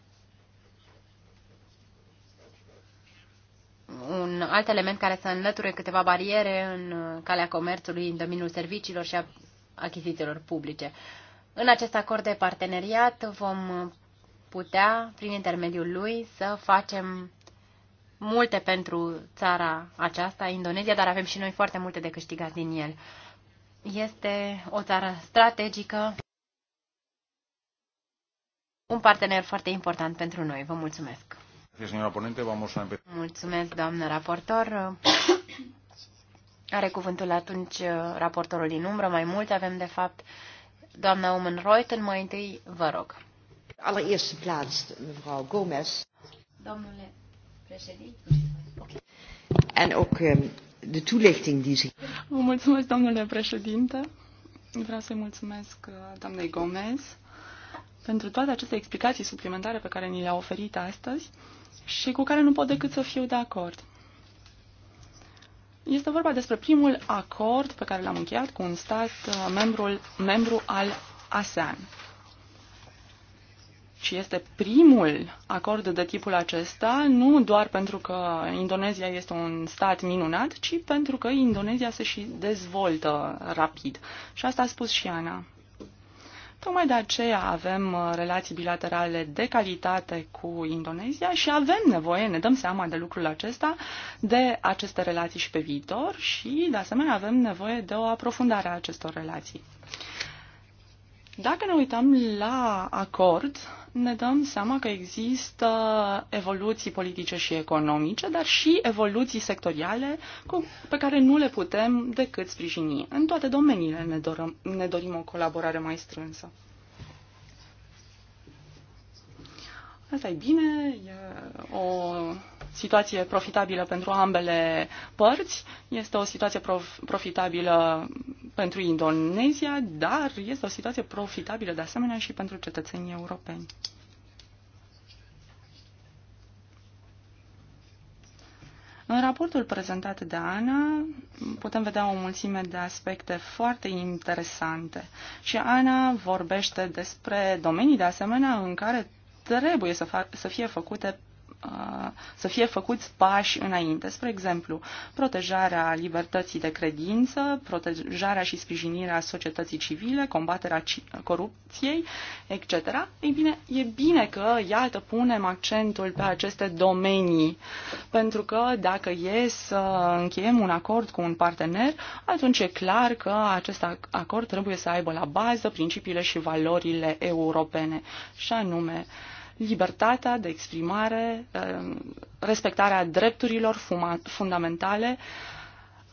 [SPEAKER 3] un alt element care să înlăture câteva bariere în calea comerțului, în domeniul serviciilor și a achizițiilor publice. În acest acord de parteneriat vom putea, prin intermediul lui, să facem multe pentru țara aceasta, Indonezia, dar avem și noi foarte multe de câștigat din el. Este o țară strategică un partener foarte important pentru noi. Vă mulțumesc! Mulțumesc, doamnă raportor. Are cuvântul atunci uh, raportorul din umbră. Mai mult avem, de fapt, doamna Oman Reuten. Mai întâi, vă rog.
[SPEAKER 2] Allereerste plaats, mevrouw Gomez.
[SPEAKER 3] Domnule președinte. Okay.
[SPEAKER 2] En ook ehm, de toelichting die ze... Vă mulțumesc,
[SPEAKER 1] domnule președinte. Vreau să-i mulțumesc uh, doamnei Gomez pentru toate aceste explicații suplimentare pe care ni le-a oferit astăzi și cu care nu pot decât să fiu de acord. Este vorba despre primul acord pe care l-am încheiat cu un stat uh, membrul, membru al ASEAN. Și este primul acord de tipul acesta, nu doar pentru că Indonezia este un stat minunat, ci pentru că Indonezia se și dezvoltă rapid. Și asta a spus și Ana. Tocmai de aceea avem uh, relații bilaterale de calitate cu Indonezia și avem nevoie, ne dăm seama de lucrul acesta, de aceste relații și pe viitor și, de asemenea, avem nevoie de o aprofundare a acestor relații. Dacă ne uităm la acord, ne dăm seama că există evoluții politice și economice, dar și evoluții sectoriale cu, pe care nu le putem decât sprijini. În toate domeniile ne, dorăm, ne dorim o colaborare mai strânsă. Asta e bine, e o situație profitabilă pentru ambele părți, este o situație prof- profitabilă pentru Indonezia, dar este o situație profitabilă de asemenea și pentru cetățenii europeni. În raportul prezentat de Ana putem vedea o mulțime de aspecte foarte interesante și Ana vorbește despre domenii de asemenea în care trebuie să, să fie făcute Uh, să fie făcuți pași înainte. Spre exemplu, protejarea libertății de credință, protejarea și sprijinirea societății civile, combaterea corupției, etc. Ei bine, e bine că, iată, punem accentul pe aceste domenii, pentru că dacă e să încheiem un acord cu un partener, atunci e clar că acest acord trebuie să aibă la bază principiile și valorile europene, și anume uh, libertatea de exprimare, uh, respectarea drepturilor fundamentale,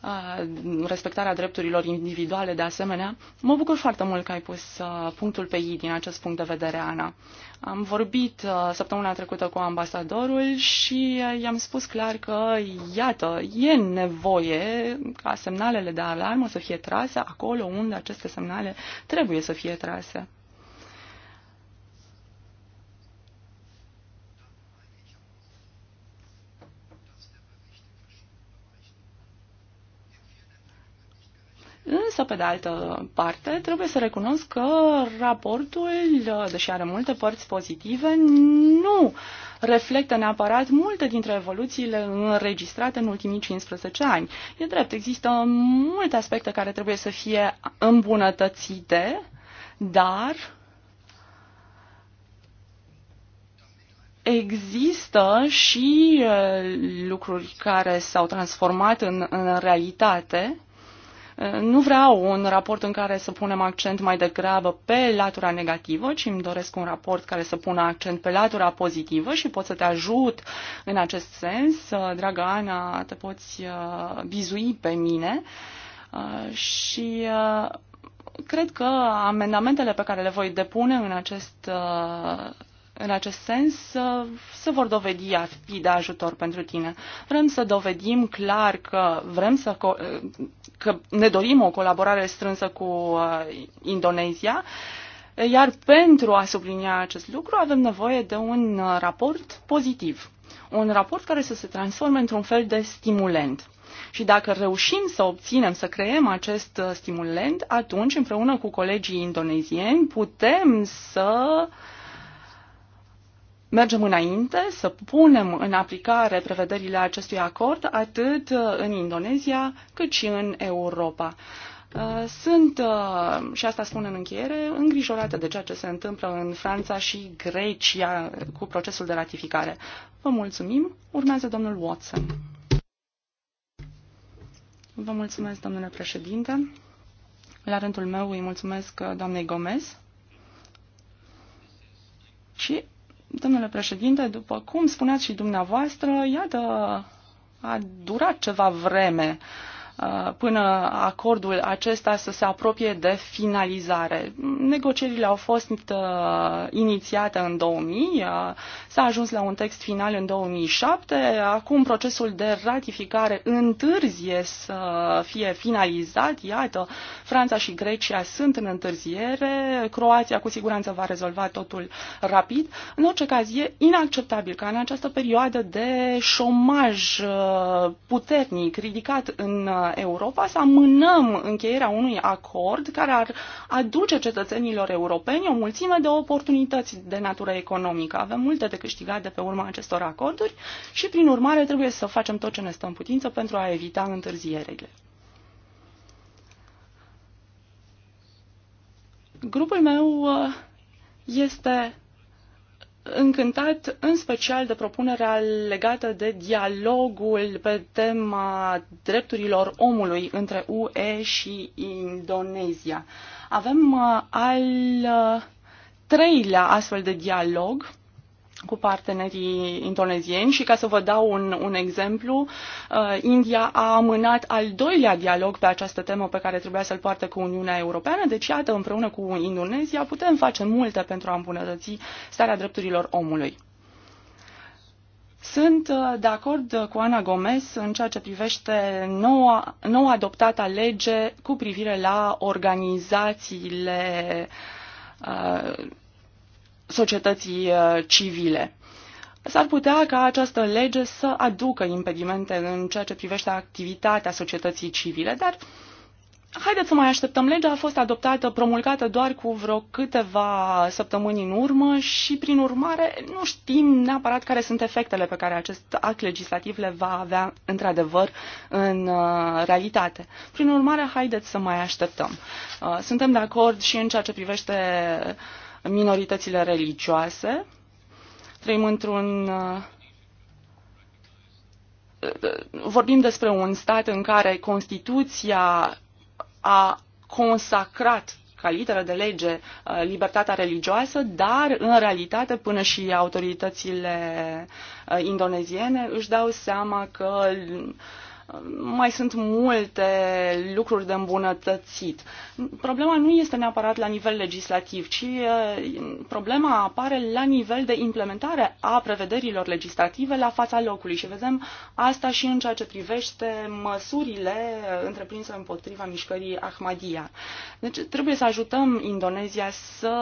[SPEAKER 1] uh, respectarea drepturilor individuale de asemenea. Mă bucur foarte mult că ai pus uh, punctul pe ei din acest punct de vedere, Ana. Am vorbit săptămâna trecută cu ambasadorul și i-am spus clar că, iată, e nevoie ca semnalele de alarmă să fie trase acolo unde aceste semnale trebuie să fie trase. Însă, pe de altă parte, trebuie să recunosc că raportul, deși are multe părți pozitive, nu reflectă neapărat multe dintre evoluțiile înregistrate în ultimii 15 ani. E drept, există multe aspecte care trebuie să fie îmbunătățite, dar există și eh, lucruri care s-au transformat în, în realitate nu vreau un raport în care să punem accent mai degrabă pe latura negativă, ci îmi doresc un raport care să pună accent pe latura pozitivă și pot să te ajut în acest sens. Dragă Ana, te poți uh, vizui pe mine uh, și uh, cred că amendamentele pe care le voi depune în acest în acest sens să se vor dovedi a fi de ajutor pentru tine. Vrem să dovedim clar că vrem să că ne dorim o colaborare strânsă cu uh, Indonezia, iar pentru a sublinia acest lucru avem nevoie de un uh, raport pozitiv, un raport care să se transforme într-un fel de stimulent. Și dacă reușim să obținem, să creăm acest uh, stimulent, atunci împreună cu colegii indonezieni putem să uh, mergem înainte, să punem în aplicare prevederile acestui acord atât uh, în Indonezia cât și în Europa. Uh, sunt, uh, și asta spun în încheiere, îngrijorată de ceea ce se întâmplă în Franța și Grecia cu procesul de ratificare. Vă mulțumim. Urmează domnul Watson. Vă mulțumesc, domnule președinte. La rândul meu îi mulțumesc doamnei Gomez și Domnule președinte, după cum spuneați și dumneavoastră, iată, a durat ceva vreme uh, Uh, până acordul acesta să se apropie de finalizare. Negocierile au fost uh, inițiate în 2000, uh, s-a ajuns la un text final în 2007, acum procesul de ratificare întârzie să fie finalizat, iată, Franța și Grecia sunt în întârziere, Croația cu siguranță va rezolva totul rapid. În orice caz, e inacceptabil ca în această perioadă de șomaj puternic ridicat în Europa, să amânăm încheierea unui acord care ar aduce cetățenilor europeni o mulțime de oportunități de natură economică. Avem multe de câștigat de pe urma acestor acorduri și, prin urmare, trebuie să facem tot ce ne stă în putință pentru a evita întârzierile. Grupul meu uh, este încântat în special de propunerea legată de dialogul pe tema drepturilor omului între UE și Indonezia. Avem uh, al uh, treilea astfel de dialog cu partenerii indonezieni și ca să vă dau un, un exemplu, uh, India a amânat al doilea dialog pe această temă pe care trebuia să-l poartă cu Uniunea Europeană, deci iată, împreună cu Indonezia putem face multe pentru a îmbunătăți starea drepturilor omului. Sunt uh, de acord cu Ana Gomez în ceea ce privește noua, noua adoptată lege cu privire la organizațiile uh, societății uh, civile. S-ar putea ca această lege să aducă impedimente în ceea ce privește activitatea societății civile, dar haideți să mai așteptăm. Legea a fost adoptată, promulgată doar cu vreo câteva săptămâni în urmă și, prin urmare, nu știm neapărat care sunt efectele pe care acest act legislativ le va avea, într-adevăr, în uh, realitate. Prin urmare, haideți să mai așteptăm. Uh, suntem de acord și în ceea ce privește minoritățile religioase. Trăim într-un uh, vorbim despre un stat în care Constituția a consacrat ca literă de lege uh, libertatea religioasă, dar în realitate până și autoritățile uh, indoneziene își dau seama că uh, mai sunt multe lucruri de îmbunătățit. Problema nu este neapărat la nivel legislativ, ci problema apare la nivel de implementare a prevederilor legislative la fața locului și vedem asta și în ceea ce privește măsurile întreprinse împotriva mișcării Ahmadia. Deci trebuie să ajutăm Indonezia să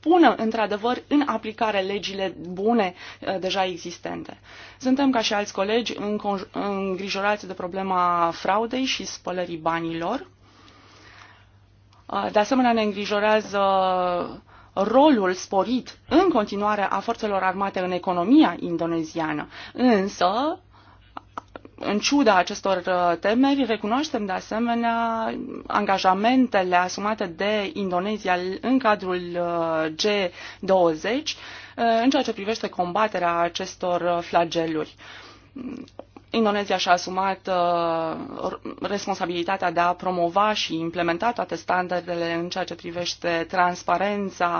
[SPEAKER 1] pună într-adevăr în aplicare legile bune deja existente. Suntem ca și alți colegi îngrijorați îngrijorați de problema fraudei și spălării banilor. De asemenea, ne îngrijorează rolul sporit în continuare a forțelor armate în economia indoneziană. Însă, în ciuda acestor uh, temeri, recunoaștem de asemenea angajamentele asumate de Indonezia în cadrul uh, G20 uh, în ceea ce privește combaterea acestor flageluri. Indonezia și-a asumat uh, responsabilitatea de a promova și implementa toate standardele în ceea ce privește transparența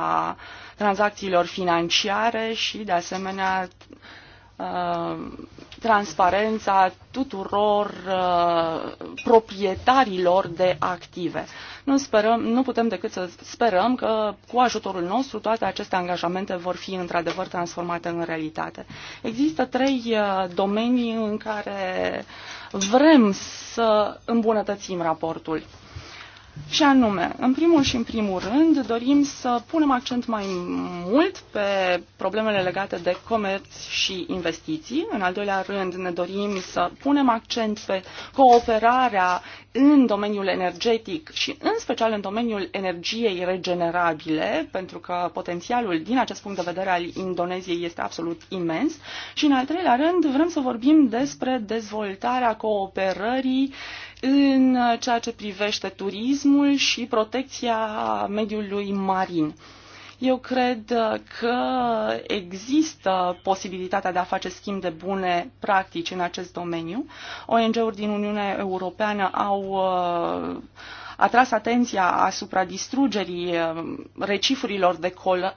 [SPEAKER 1] tranzacțiilor financiare și, de asemenea, uh, transparența tuturor uh, proprietarilor de active nu, sperăm, nu putem decât să sperăm că cu ajutorul nostru toate aceste angajamente vor fi într-adevăr transformate în realitate. Există trei uh, domenii în care vrem să îmbunătățim raportul. Și anume, în primul și în primul rând, dorim să punem accent mai mult pe problemele legate de comerț și investiții. În al doilea rând, ne dorim să punem accent pe cooperarea în domeniul energetic și în special în domeniul energiei regenerabile, pentru că potențialul din acest punct de vedere al Indoneziei este absolut imens. Și în al treilea rând, vrem să vorbim despre dezvoltarea cooperării uh, în ceea ce privește turismul și protecția mediului marin. Eu cred că există posibilitatea de a face schimb de bune practici în acest domeniu. ONG-uri din Uniunea Europeană au uh, atras atenția asupra distrugerii um, recifurilor de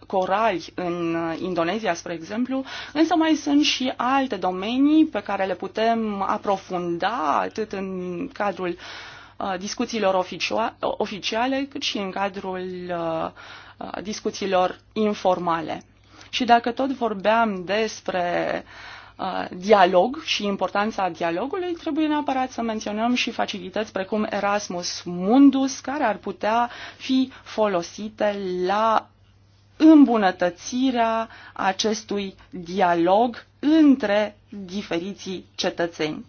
[SPEAKER 1] corali în uh, Indonezia, spre exemplu, însă mai sunt și alte domenii pe care le putem aprofunda atât în cadrul uh, discuțiilor oficiale, cât și în cadrul uh, discuțiilor informale. Și dacă tot vorbeam despre uh, Uh, dialog și importanța dialogului, trebuie neapărat să menționăm și facilități precum Erasmus Mundus, care ar putea fi folosite la îmbunătățirea acestui dialog între diferiții cetățeni,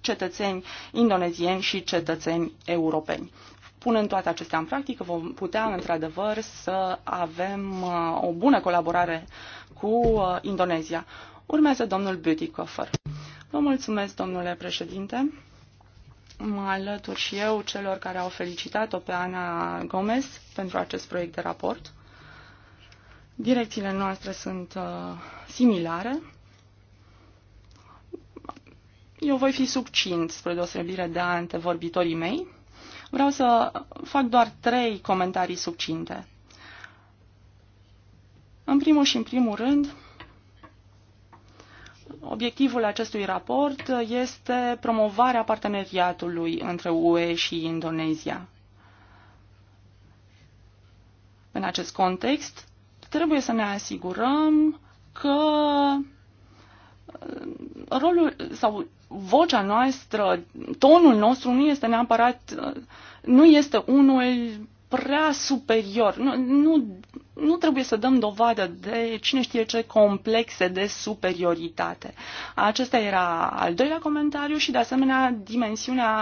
[SPEAKER 1] cetățeni indonezieni și cetățeni europeni. Punând toate acestea în practică, vom putea într-adevăr să avem uh, o bună colaborare cu uh, Indonezia. Urmează domnul Bütikofer. Vă mulțumesc, domnule președinte. Mă alătur și eu celor care au felicitat-o pe Ana Gomez pentru acest proiect de raport. Direcțiile noastre sunt uh, similare. Eu voi fi succint spre deosebire de antevorbitorii mei. Vreau să fac doar trei comentarii succinte. În primul și în primul rând, Obiectivul acestui raport este promovarea parteneriatului între UE și Indonezia. În acest context, trebuie să ne asigurăm că uh, rolul sau vocea noastră, tonul nostru nu este neapărat, uh, nu este unul prea superior. Nu, nu nu trebuie să dăm dovadă de cine știe ce complexe de superioritate. Acesta era al doilea comentariu și, de asemenea, dimensiunea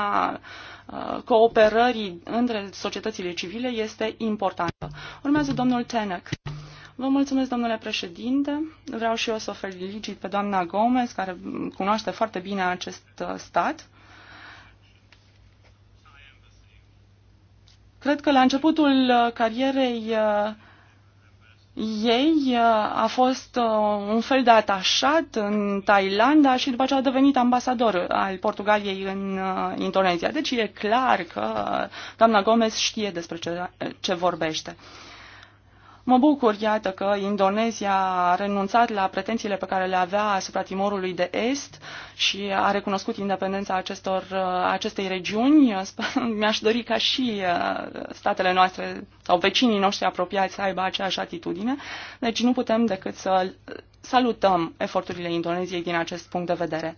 [SPEAKER 1] uh, cooperării între societățile civile este importantă. Urmează domnul Tenec. Vă mulțumesc, domnule președinte. Vreau și eu să o felicit pe doamna Gomez, care cunoaște foarte bine acest uh, stat. Cred că la începutul uh, carierei uh, ei uh, a fost uh, un fel de atașat în Thailanda și după ce a devenit ambasador al Portugaliei în uh, Indonezia. Deci e clar că doamna Gomez știe despre ce, ce vorbește. Uh, Mă bucur, iată, că Indonezia a renunțat la pretențiile pe care le avea asupra Timorului de Est și a recunoscut independența acestor, acestei regiuni. Mi-aș dori ca și uh, statele noastre sau vecinii noștri apropiați să aibă aceeași atitudine. Deci nu putem decât să salutăm eforturile Indoneziei din acest punct de vedere.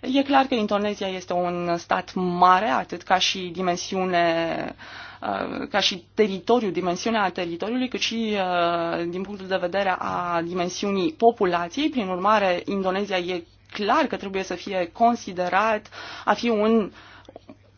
[SPEAKER 1] E clar că Indonezia este un stat mare, atât ca și dimensiune uh, Uh, ca și teritoriu, dimensiunea teritoriului, cât și uh, din punctul de vedere a dimensiunii populației. Prin urmare, Indonezia e clar că trebuie să fie considerat a fi un uh,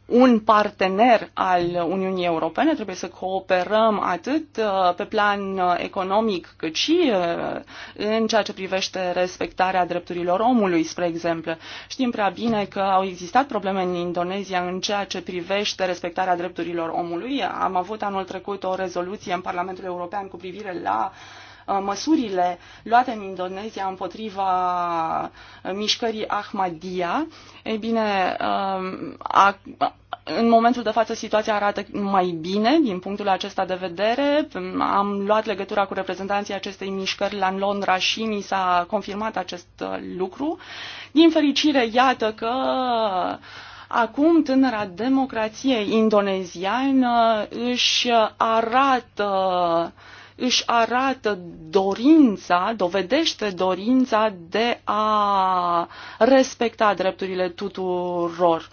[SPEAKER 1] un partener al Uniunii Europene, trebuie să cooperăm atât uh, pe plan uh, economic cât și uh, în ceea ce privește respectarea drepturilor omului, spre exemplu. Știm prea bine că au existat probleme în Indonezia în ceea ce privește respectarea drepturilor omului. Am avut anul trecut o rezoluție în Parlamentul European cu privire la uh, Uh, măsurile luate în Indonezia împotriva uh, mișcării Ahmadia, ei bine, um, a, în momentul de față situația arată mai bine din punctul acesta de vedere. Am luat legătura cu reprezentanții acestei mișcări la Londra și mi s-a confirmat acest uh, lucru. Din fericire, iată că acum tânăra democrație indoneziană își arată uh, își arată dorința, dovedește dorința de a respecta drepturile tuturor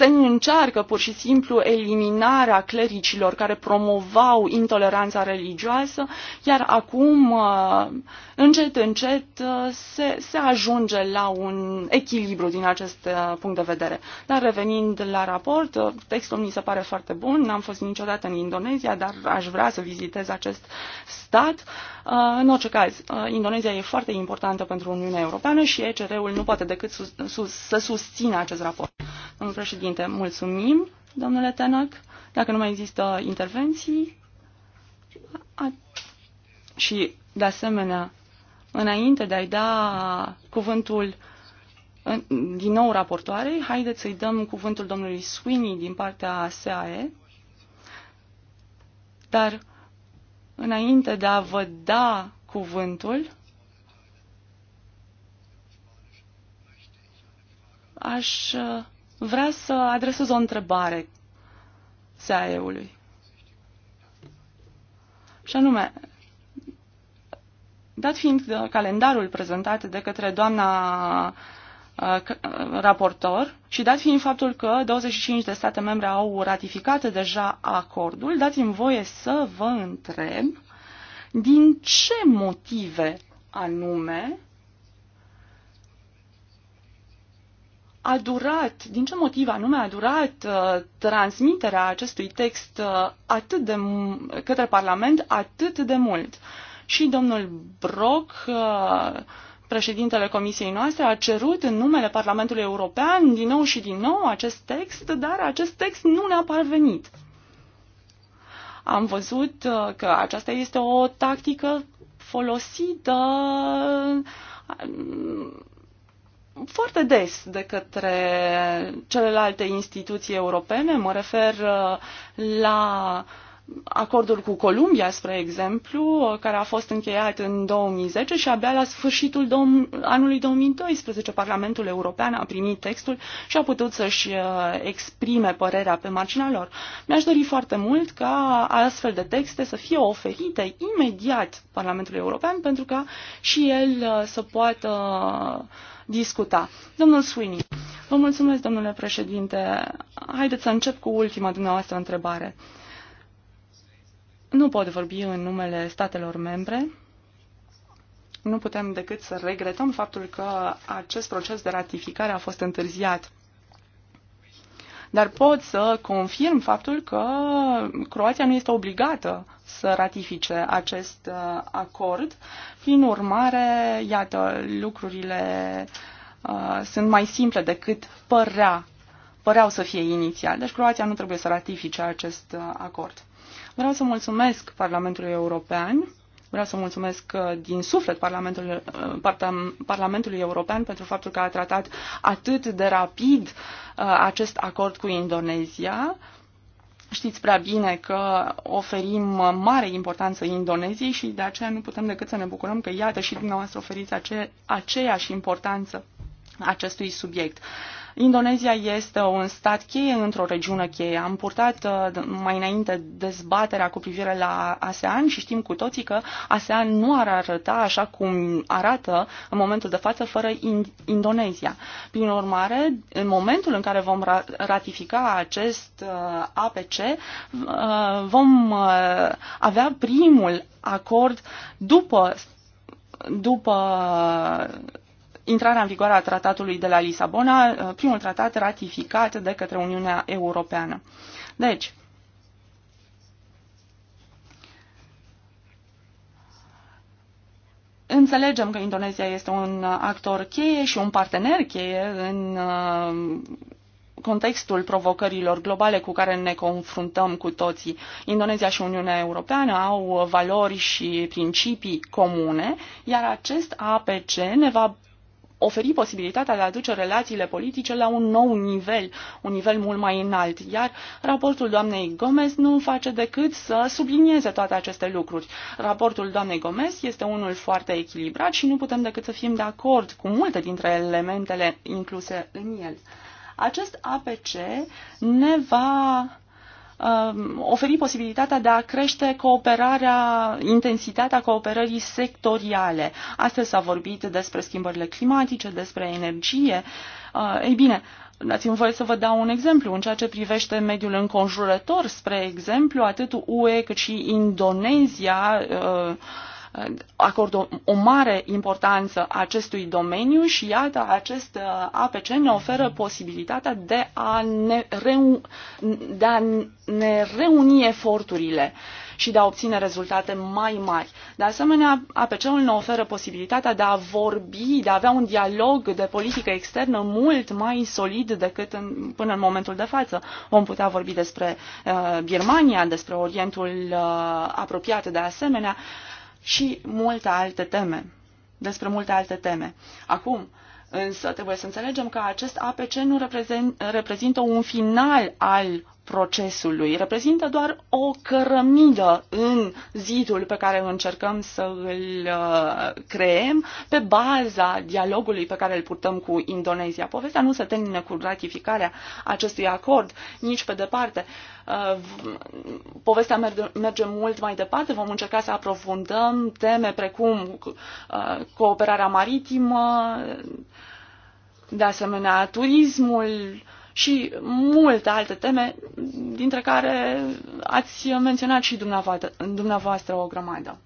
[SPEAKER 1] se încearcă pur și simplu eliminarea clericilor care promovau intoleranța religioasă, iar acum, uh, încet, încet, uh, se, se ajunge la un echilibru din acest uh, punct de vedere. Dar revenind la raport, textul mi se pare foarte bun, n-am fost niciodată în Indonezia, dar aș vrea să vizitez acest stat. În orice caz, Indonezia e foarte importantă pentru Uniunea Europeană și ECR-ul nu poate decât să susțină acest raport. Domnul președinte, președinte, mulțumim, domnule Tenac. Dacă nu mai există intervenții a... și, de asemenea, înainte de a-i da cuvântul în... din nou raportoarei, haideți să-i dăm cuvântul domnului Sweeney din partea SAE. Dar, înainte de a vă da cuvântul, aș vrea să adresez o întrebare SAE-ului. Și anume, dat fiind calendarul prezentat de către doamna uh, uh, raportor și dat fiind faptul că 25 de state membre au ratificat deja acordul, dați-mi voie să vă întreb din ce motive anume a durat, din ce motiv anume a durat uh, transmiterea acestui text uh, atât de, către Parlament atât de mult. Și domnul Brock, uh, președintele comisiei noastre, a cerut în numele Parlamentului European din nou și din nou acest text, dar acest text nu ne-a parvenit. Am văzut uh, că aceasta este o tactică folosită uh, foarte des de către celelalte instituții europene. Mă refer uh, la acordul cu Columbia, spre exemplu, uh, care a fost încheiat în 2010 și abia la sfârșitul anului 2012 Parlamentul European a primit textul și a putut să-și uh, exprime părerea pe marginea lor. Mi-aș dori foarte mult ca astfel de texte să fie oferite imediat Parlamentului European pentru ca și el să poată discuta. Domnul Sweeney, vă mulțumesc, domnule președinte. Haideți să încep cu ultima dumneavoastră întrebare. Nu pot vorbi în numele statelor membre. Nu putem decât să regretăm faptul că acest proces de ratificare a fost întârziat dar pot să confirm faptul că Croația nu este obligată să ratifice acest uh, acord. Prin urmare, iată, lucrurile uh, sunt mai simple decât părea, păreau să fie inițial. Deci Croația nu trebuie să ratifice acest uh, acord. Vreau să mulțumesc Parlamentului European Vreau să mulțumesc uh, din suflet Parlamentului, uh, Parlamentului European pentru faptul că a tratat atât de rapid uh, acest acord cu Indonezia. Știți prea bine că oferim mare importanță Indoneziei și de aceea nu putem decât să ne bucurăm că, iată, și dumneavoastră oferiți ace- aceeași importanță acestui subiect. Uh, Indonezia este un stat cheie într-o regiune cheie. Am purtat uh, mai înainte dezbaterea cu privire la ASEAN și știm cu toții că ASEAN nu ar arăta așa cum arată în momentul de față fără Indonezia. Prin urmare, în momentul în care vom ratifica acest uh, APC, uh, vom avea primul acord după după intrarea în vigoare a tratatului de la Lisabona, uh, primul tratat ratificat de către Uniunea Europeană. Deci, înțelegem că Indonezia este un actor cheie și un partener cheie în uh, contextul provocărilor globale cu care ne confruntăm cu toții. Indonezia și Uniunea Europeană au valori și principii comune, iar acest APC ne va oferi posibilitatea de a aduce relațiile politice la un nou nivel, un nivel mult mai înalt. Iar raportul doamnei Gomez nu face decât să sublinieze toate aceste lucruri. Raportul doamnei Gomez este unul foarte echilibrat și nu putem decât să fim de acord cu multe dintre elementele incluse în el. Acest APC ne va Um, oferi posibilitatea de a crește cooperarea, intensitatea cooperării sectoriale. Astăzi s-a vorbit despre schimbările climatice, despre energie. Uh, ei bine, Dați-mi voie să vă dau un exemplu. În ceea ce privește mediul înconjurător, spre exemplu, atât UE cât și Indonezia uh, acordă o mare importanță acestui domeniu și iată, acest uh, APC ne oferă posibilitatea de a ne, reu- de a ne reuni eforturile și de a obține rezultate mai mari. De asemenea, APC-ul ne oferă posibilitatea de a vorbi, de a avea un dialog de politică externă mult mai solid decât în, până în momentul de față. Vom putea vorbi despre uh, Birmania, despre Orientul uh, apropiat de asemenea. Uh, și multe alte teme, despre multe alte teme. Acum, însă trebuie să înțelegem că acest APC nu reprezintă un final al procesului. Reprezintă doar o cărămidă în zidul pe care încercăm să îl uh, creem pe baza dialogului pe care îl purtăm cu Indonezia. Povestea nu se termină cu ratificarea acestui acord, nici pe departe. Uh, povestea merge mult mai departe. Vom încerca să aprofundăm teme precum uh, cooperarea maritimă, de asemenea turismul, și multe alte teme, dintre care ați menționat și dumneavoastră o grămadă.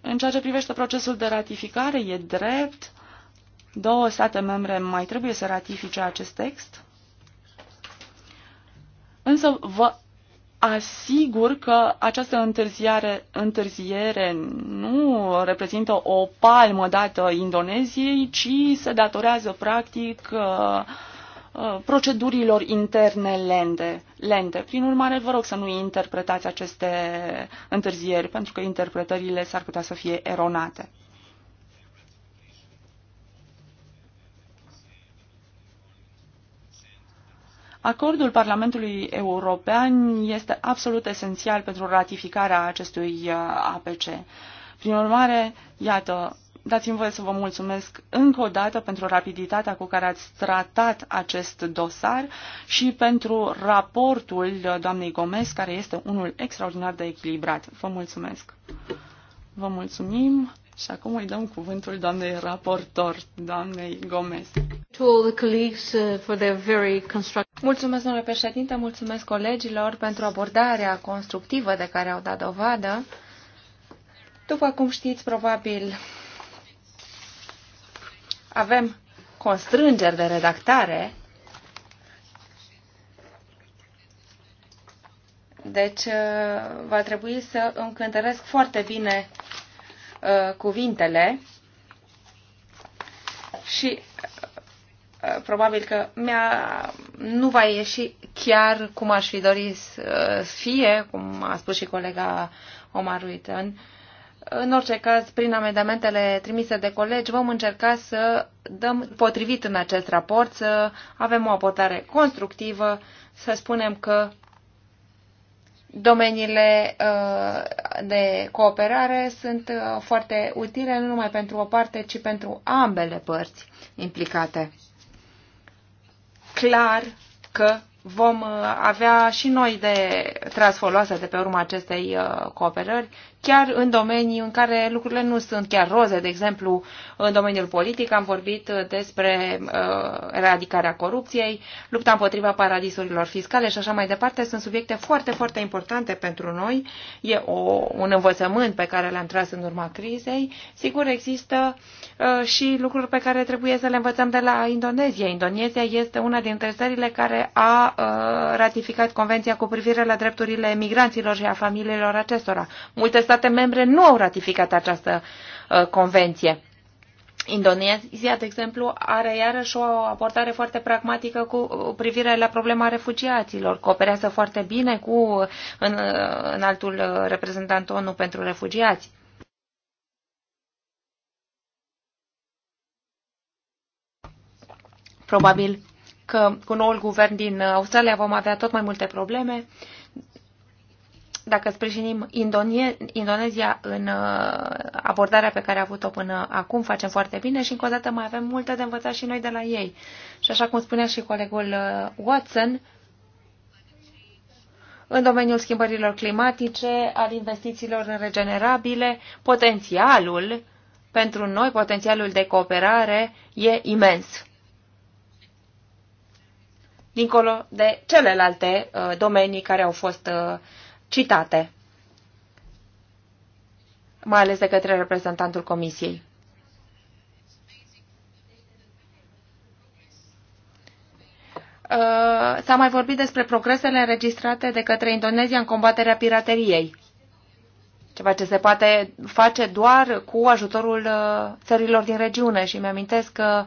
[SPEAKER 1] În ceea ce privește procesul de ratificare, e drept, două state membre mai trebuie să ratifice acest text, însă vă asigur că această întârziere, întârziere nu reprezintă o palmă dată Indoneziei, ci se datorează practic uh, uh, procedurilor interne lente. lente. Prin urmare, vă rog să nu interpretați aceste întârzieri, pentru că interpretările s-ar putea să fie eronate. Acordul Parlamentului European este absolut esențial pentru ratificarea acestui uh, APC. Prin urmare, iată, dați-mi voie să vă mulțumesc încă o dată pentru rapiditatea cu care ați tratat acest dosar și pentru raportul doamnei Gomez, care este unul extraordinar de echilibrat. Vă mulțumesc! Vă mulțumim! Și acum îi dăm cuvântul doamnei raportor, doamnei Gomez.
[SPEAKER 2] To all the colleagues uh, for their very constructive... Mulțumesc, domnule președinte, mulțumesc colegilor pentru abordarea constructivă de care au dat dovadă. După cum știți, probabil avem constrângeri de redactare. Deci uh, va trebui să încântăresc foarte bine Uh, cuvintele și uh, uh, probabil că mi-a, nu va ieși chiar cum aș fi dorit să fie, cum a spus și colega Omar Uităn. În orice caz, prin amendamentele trimise de colegi, vom încerca să dăm potrivit în acest raport, să avem o abordare constructivă, să spunem că domeniile uh, de cooperare sunt uh, foarte utile nu numai pentru o parte, ci pentru ambele părți implicate. Clar că vom uh, avea și noi de tras foloasă de pe urma acestei cooperări chiar în domenii în care lucrurile nu sunt chiar roze, de exemplu, în domeniul politic am vorbit uh, despre uh, eradicarea corupției, lupta împotriva paradisurilor fiscale și așa mai departe, sunt subiecte foarte, foarte importante pentru noi. E o, un învățământ pe care l-am tras în urma crizei. Sigur, există uh, și lucruri pe care trebuie să le învățăm de la Indonezia. Indonezia este una dintre țările care a uh, ratificat convenția cu privire la drepturile migranților și a familiilor acestora. Multe state membre nu au ratificat această uh, convenție. Indonezia, de exemplu, are iarăși o abordare foarte pragmatică cu privire la problema refugiaților. Cooperează foarte bine cu în, în altul reprezentant ONU pentru refugiați. Probabil că cu noul guvern din Australia vom avea tot mai multe probleme dacă sprijinim Indonie, Indonezia în uh, abordarea pe care a avut-o până acum, facem foarte bine și încă o dată mai avem multe de învățat și noi de la ei. Și așa cum spunea și colegul uh, Watson, în domeniul schimbărilor climatice, al investițiilor în regenerabile, potențialul pentru noi, potențialul de cooperare e imens dincolo de celelalte uh, domenii care au fost citate, mai ales de către reprezentantul Comisiei. Uh, s-a mai vorbit despre progresele înregistrate de către Indonezia în combaterea pirateriei, ceva ce se poate face doar cu ajutorul uh, țărilor din regiune. Și mi-amintesc că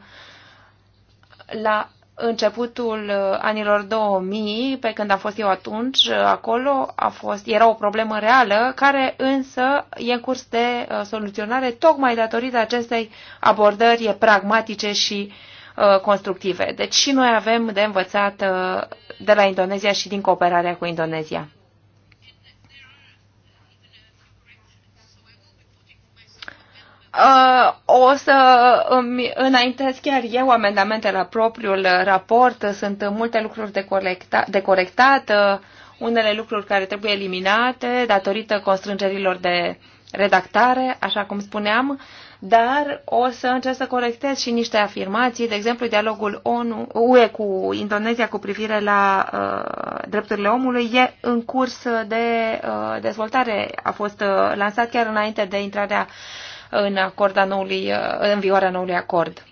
[SPEAKER 2] la începutul uh, anilor 2000, pe când am fost eu atunci uh, acolo, a fost, era o problemă reală, care însă e în curs de uh, soluționare tocmai datorită acestei abordări pragmatice și constructive. Deci și noi avem de învățat de la Indonezia și din cooperarea cu Indonezia. Uh, o să îmi înaintez chiar eu amendamente la propriul raport. Sunt multe lucruri de, colecta, de corectat, uh, unele lucruri care trebuie eliminate datorită constrângerilor de redactare, așa cum spuneam, dar o să încerc să corectez și niște afirmații, de exemplu dialogul ONU, UE cu Indonezia cu privire la uh, drepturile omului e în curs de uh, dezvoltare, a fost uh, lansat chiar înainte de intrarea uh, în, acorda noului, uh, în vioarea noului acord.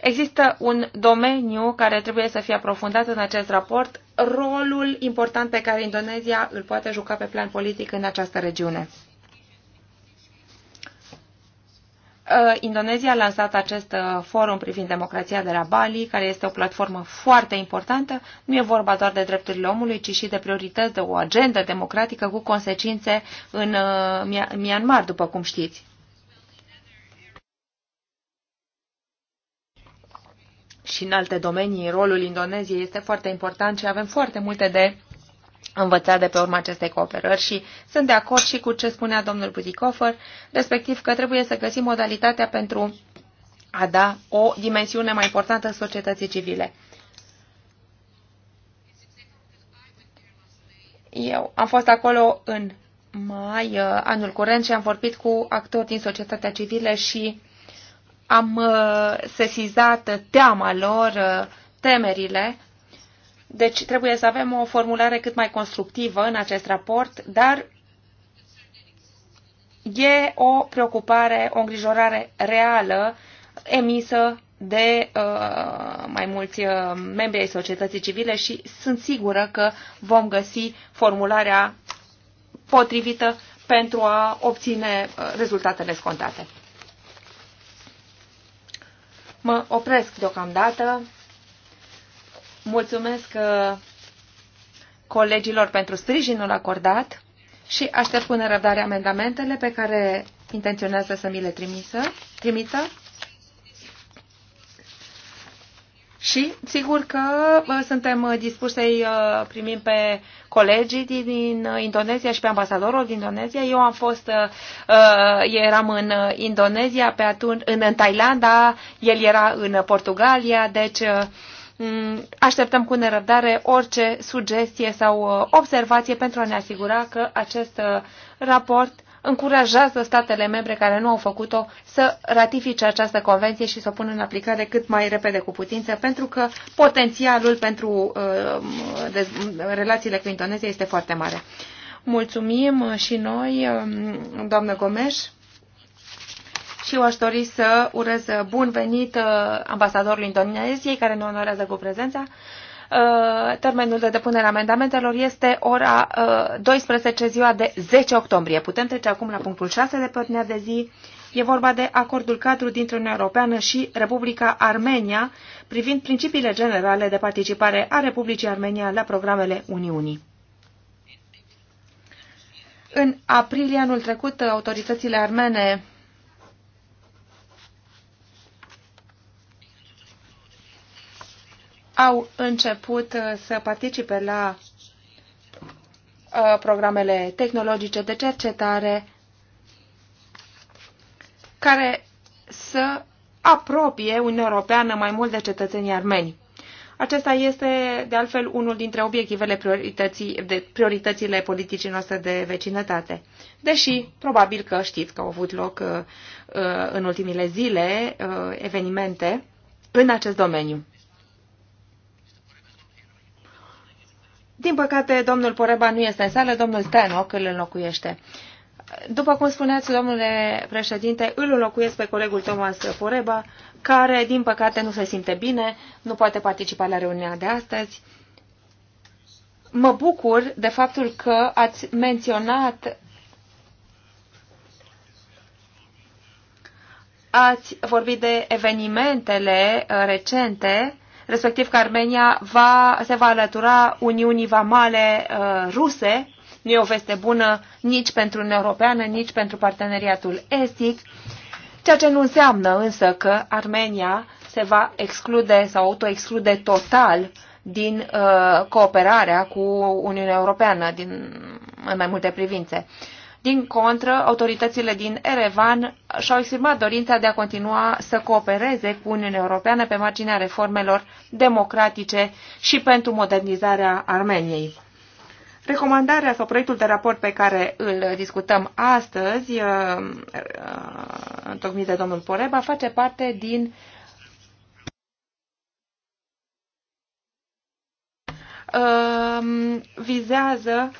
[SPEAKER 2] Există un domeniu care trebuie să fie aprofundat în acest raport, rolul important pe care Indonezia îl poate juca pe plan politic în această regiune. Uh, Indonezia a lansat acest uh, forum privind democrația de la Bali, care este o platformă foarte importantă. Nu e vorba doar de drepturile omului, ci și de priorități, de o agendă democratică cu consecințe în uh, Myanmar, după cum știți. Și în alte domenii, rolul Indoneziei este foarte important și avem foarte multe de învățat de pe urma acestei cooperări și sunt de acord și cu ce spunea domnul Buticofer, respectiv că trebuie să găsim modalitatea pentru a da o dimensiune mai importantă societății civile. Eu am fost acolo în mai uh, anul curent și am vorbit cu actori din societatea civilă și am uh, sesizat teama lor, uh, temerile deci trebuie să avem o formulare cât mai constructivă în acest raport, dar e o preocupare, o îngrijorare reală emisă de uh, mai mulți uh, membri ai societății civile și sunt sigură că vom găsi formularea potrivită pentru a obține uh, rezultatele scontate. Mă opresc deocamdată Mulțumesc uh, colegilor pentru sprijinul acordat și aștept cu nerăbdare amendamentele pe care intenționează să mi le trimisă, trimită. Și sigur că suntem dispuși să-i uh, primim pe colegii din Indonezia și pe ambasadorul din Indonezia. Eu am fost, uh, eram în Indonezia, pe atunci, în, în Thailanda, el era în Portugalia, deci Mm, așteptăm cu nerăbdare orice sugestie sau uh, observație pentru a ne asigura că acest uh, raport încurajează statele membre care nu au făcut-o să ratifice această convenție și să o pună în aplicare cât mai repede cu putință, pentru că potențialul pentru uh, relațiile cu Indonezia este foarte mare. Mulțumim și noi, um, doamnă Gomes și eu aș dori să urez bun venit uh, ambasadorului Indoneziei, care ne onorează cu prezența. Uh, termenul de depunere a amendamentelor este ora 12, uh, ziua de 10 octombrie. Putem trece acum la punctul 6 de pe de zi. E vorba de acordul cadru dintre Uniunea Europeană și Republica Armenia privind principiile generale de participare a Republicii Armenia la programele Uniunii. În aprilie anul trecut, autoritățile armene au început uh, să participe la uh, programele tehnologice de cercetare care să apropie Uniunea Europeană mai mult de cetățenii armeni. Acesta este, de altfel, unul dintre obiectivele priorității, de prioritățile politicii noastre de vecinătate. Deși, probabil că știți că au avut loc uh, uh în ultimile zile uh, evenimente în acest domeniu. Din păcate, domnul Poreba nu este în sală, domnul Tenoc îl înlocuiește. După cum spuneați, domnule președinte, îl înlocuiesc pe colegul Thomas Poreba, care, din păcate, nu se simte bine, nu poate participa la reuniunea de astăzi. Mă bucur de faptul că ați menționat ați vorbit de evenimentele uh, recente respectiv că Armenia va, se va alătura Uniunii Vamale uh, ruse. Nu e o veste bună nici pentru Uniunea Europeană, nici pentru parteneriatul estic, ceea ce nu înseamnă însă că Armenia se va exclude sau autoexclude total din uh, cooperarea cu Uniunea Europeană din, în mai multe privințe. Uh, din contră, autoritățile din Erevan și-au exprimat dorința de a continua să coopereze cu Uniunea Europeană pe marginea reformelor democratice și pentru modernizarea Armeniei. Recomandarea sau proiectul de raport pe care îl discutăm astăzi, uh, uh, întocmit de domnul Poreba, face parte din uh, vizează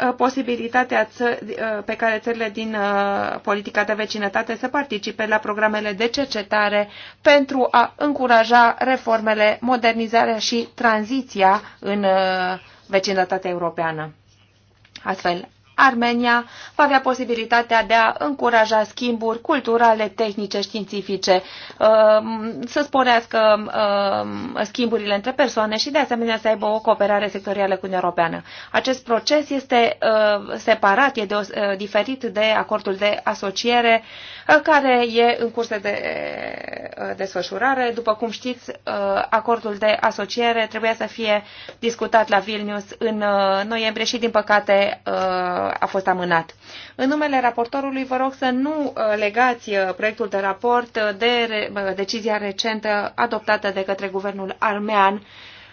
[SPEAKER 2] Uh, posibilitatea uh, pe care țările din uh, politica de vecinătate să participe la programele de cercetare pentru a încuraja reformele, modernizarea și tranziția în vecinătatea europeană. Astfel, Armenia va avea posibilitatea de a încuraja schimburi culturale, tehnice, științifice, uh, să sporească uh, schimburile între persoane și de asemenea să aibă o cooperare sectorială cu Uniunea Europeană. Acest proces este uh, separat, e diferit de acordul de asociere care e în curs de desfășurare. După cum știți, acordul de asociere trebuia să fie discutat la Vilnius în noiembrie și din păcate a fost amânat. În numele raportorului vă rog să nu uh, legați uh, proiectul de raport de uh, decizia recentă adoptată de către guvernul armean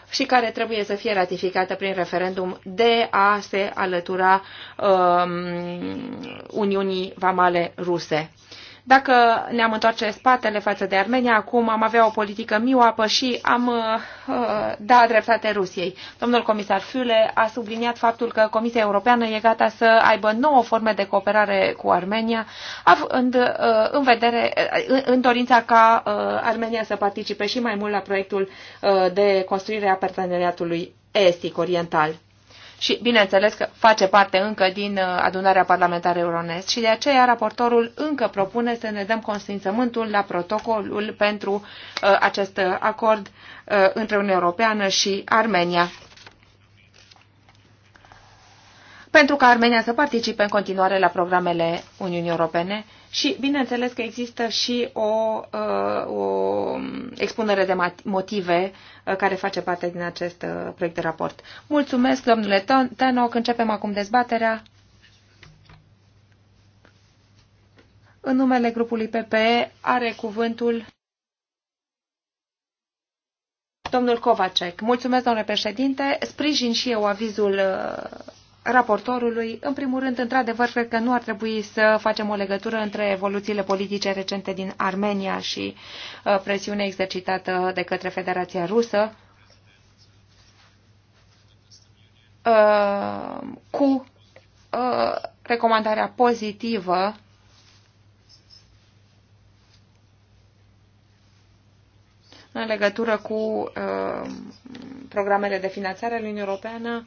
[SPEAKER 2] și care trebuie să fie ratificată prin referendum de a se alătura um, Uniunii Vamale Ruse. Dacă ne-am întoarce spatele față de Armenia, acum am avea o politică mioapă și am uh, uh, da dreptate Rusiei. Domnul comisar Füle a subliniat faptul că Comisia Europeană e gata să aibă nouă forme de cooperare cu Armenia, având uh, în vedere, uh, în dorința ca uh, Armenia să participe și mai mult la proiectul uh, de construire a parteneriatului estic oriental și, bineînțeles, că face parte încă din uh, adunarea parlamentară Euronest și de aceea raportorul încă propune să ne dăm consimțământul la protocolul pentru uh, acest acord uh, între Uniunea Europeană și Armenia pentru ca Armenia să participe în continuare la programele Uniunii Europene și bineînțeles că există și o, uh, o expunere de motive uh, care face parte din acest uh, proiect de raport. Mulțumesc, domnule Tenoc. Începem acum dezbaterea. În numele grupului PPE are cuvântul domnul Kovacek. Mulțumesc, domnule președinte. Sprijin și eu avizul raportorului. În primul rând, într-adevăr, cred că nu ar trebui să facem o legătură între evoluțiile politice recente din Armenia și uh, presiunea exercitată de către Federația Rusă uh, cu uh, recomandarea pozitivă în legătură cu programele de finanțare ale Uniunii Europeană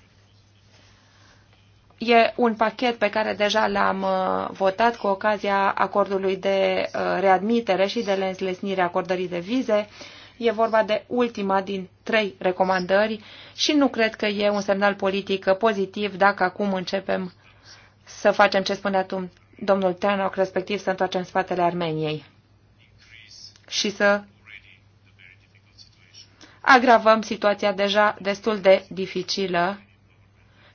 [SPEAKER 2] E un pachet pe care deja l-am uh, votat cu ocazia acordului de uh, readmitere și de lenslesnire acordării de vize. E vorba de ultima din trei recomandări și nu cred că e un semnal politic pozitiv dacă acum începem să facem ce spunea domnul Tenoc, respectiv să întoarcem spatele Armeniei și să agravăm situația deja destul de dificilă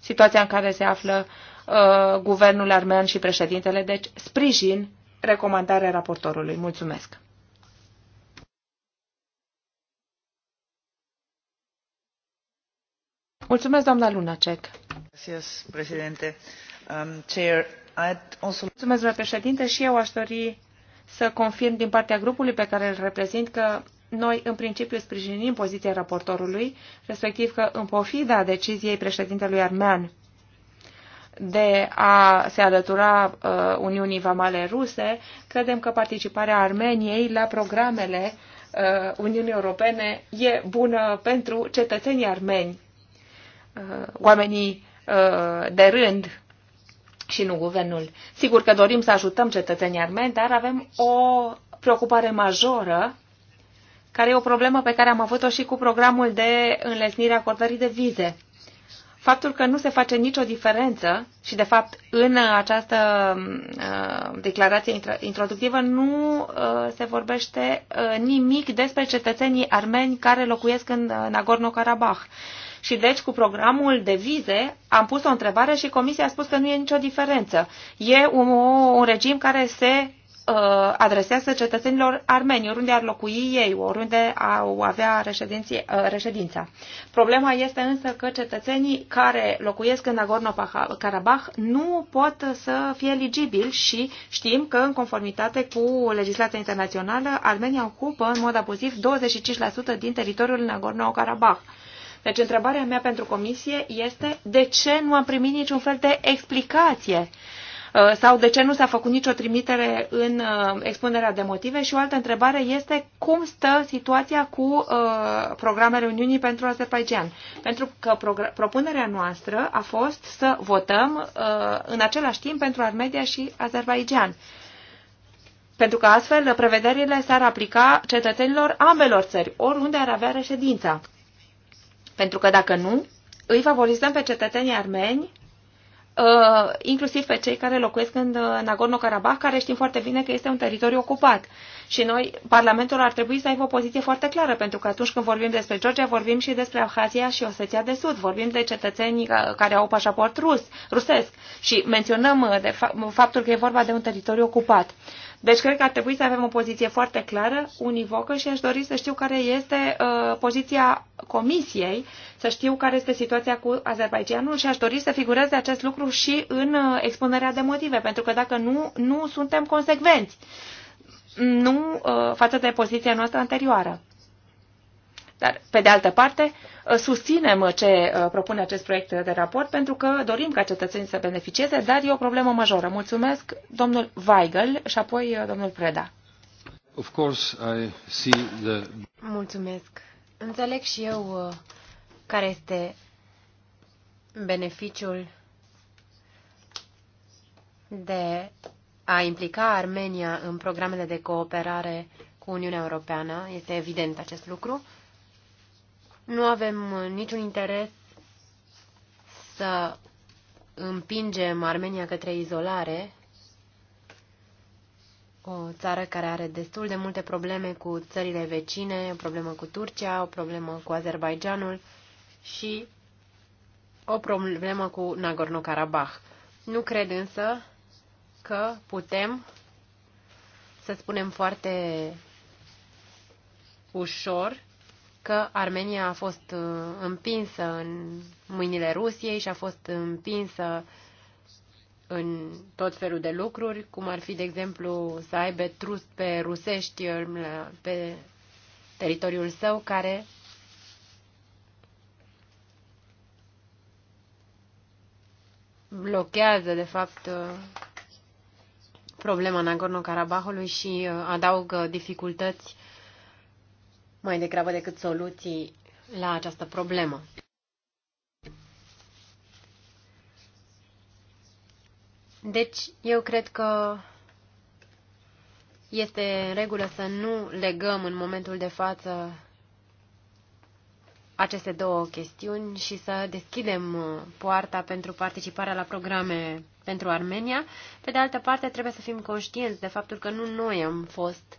[SPEAKER 2] situația în care se află uh, guvernul armean și președintele. Deci, sprijin recomandarea raportorului. Mulțumesc! Mulțumesc, doamna Lunacek. președinte. Um, chair, also... Mulțumesc, doamna președinte, și eu aș dori să confirm din partea grupului pe care îl reprezint că noi în principiu sprijinim poziția raportorului, respectiv că în pofida deciziei președintelui armean de a se alătura uh, Uniunii Vamale Ruse, credem că participarea Armeniei la programele uh, Uniunii Europene e bună pentru cetățenii armeni, uh, oamenii uh, de rând și nu guvernul. Sigur că dorim să ajutăm cetățenii armeni, dar avem o preocupare majoră care e o problemă pe care am avut-o și cu programul de înlesnire a acordării de vize. Faptul că nu se face nicio diferență și, de fapt, în această uh, declarație introductivă nu uh, se vorbește uh, nimic despre cetățenii armeni care locuiesc în uh, Nagorno-Karabakh. Și deci, cu programul de vize, am pus o întrebare și Comisia a spus că nu e nicio diferență. E un, un regim care se uh, adresează cetățenilor armeni, oriunde ar locui ei, oriunde au avea uh, reședința. Problema este însă că cetățenii care locuiesc în Nagorno-Karabakh nu pot să fie eligibili și știm că, în conformitate cu legislația internațională, Armenia ocupă în mod abuziv 25% din teritoriul Nagorno-Karabakh. Deci întrebarea mea pentru comisie este de ce nu am primit niciun fel de explicație uh, Uh, sau de ce nu s-a făcut nicio trimitere în uh, expunerea de motive și o altă întrebare este cum stă situația cu uh, programele Uniunii pentru Azerbaijan. Pentru că propunerea noastră a fost să votăm în același timp pentru Armenia și Azerbaijan pentru că astfel prevederile s-ar aplica cetățenilor ambelor țări, oriunde ar avea reședința. Pentru că dacă nu, îi favorizăm pe cetățenii armeni Uh, inclusiv pe cei care locuiesc în uh, Nagorno-Karabakh, care știm foarte bine că este un teritoriu ocupat. Și noi, Parlamentul ar trebui să aibă o poziție foarte clară, pentru că atunci când vorbim despre Georgia, vorbim și despre Abhazia și Osetia de Sud, vorbim de cetățenii care au pașaport rus, rusesc și menționăm uh, de uh, faptul că e vorba de un teritoriu ocupat. Deci cred că ar trebui să avem o poziție foarte clară, univocă și aș dori să știu care este uh, poziția Comisiei, să știu care este situația cu Azerbaijanul și aș dori să figureze acest lucru și în uh, expunerea de motive, pentru că dacă nu, nu suntem consecvenți. Uh, nu uh, față de poziția noastră anterioară. Dar, pe de altă parte, uh, susținem ce uh, propune acest proiect de raport pentru că dorim ca cetățenii să beneficieze, dar e o problemă majoră. Mulțumesc, domnul Weigel și apoi domnul Preda. Of course, I see the...
[SPEAKER 3] Mulțumesc. Înțeleg și eu care este beneficiul de a implica Armenia în programele de cooperare cu Uniunea Europeană. Este evident acest lucru. Nu avem niciun interes să împingem Armenia către izolare, o țară care are destul de multe probleme cu țările vecine, o problemă cu Turcia, o problemă cu Azerbaijanul și o problemă cu Nagorno-Karabakh. Nu cred însă că putem să spunem foarte ușor că Armenia a fost uh, împinsă în mâinile Rusiei și a fost împinsă în tot felul de lucruri, cum ar fi, de exemplu, să aibă trust pe rusești uh, pe teritoriul său, care blochează, de fapt, uh, problema Nagorno-Karabahului și uh, adaugă dificultăți mai degrabă decât soluții la această problemă. Deci, eu cred că este în regulă să nu legăm în momentul de față aceste două chestiuni și să deschidem uh, poarta pentru participarea la programe pentru Armenia. Pe de altă parte, trebuie să fim conștienți de faptul că nu noi am fost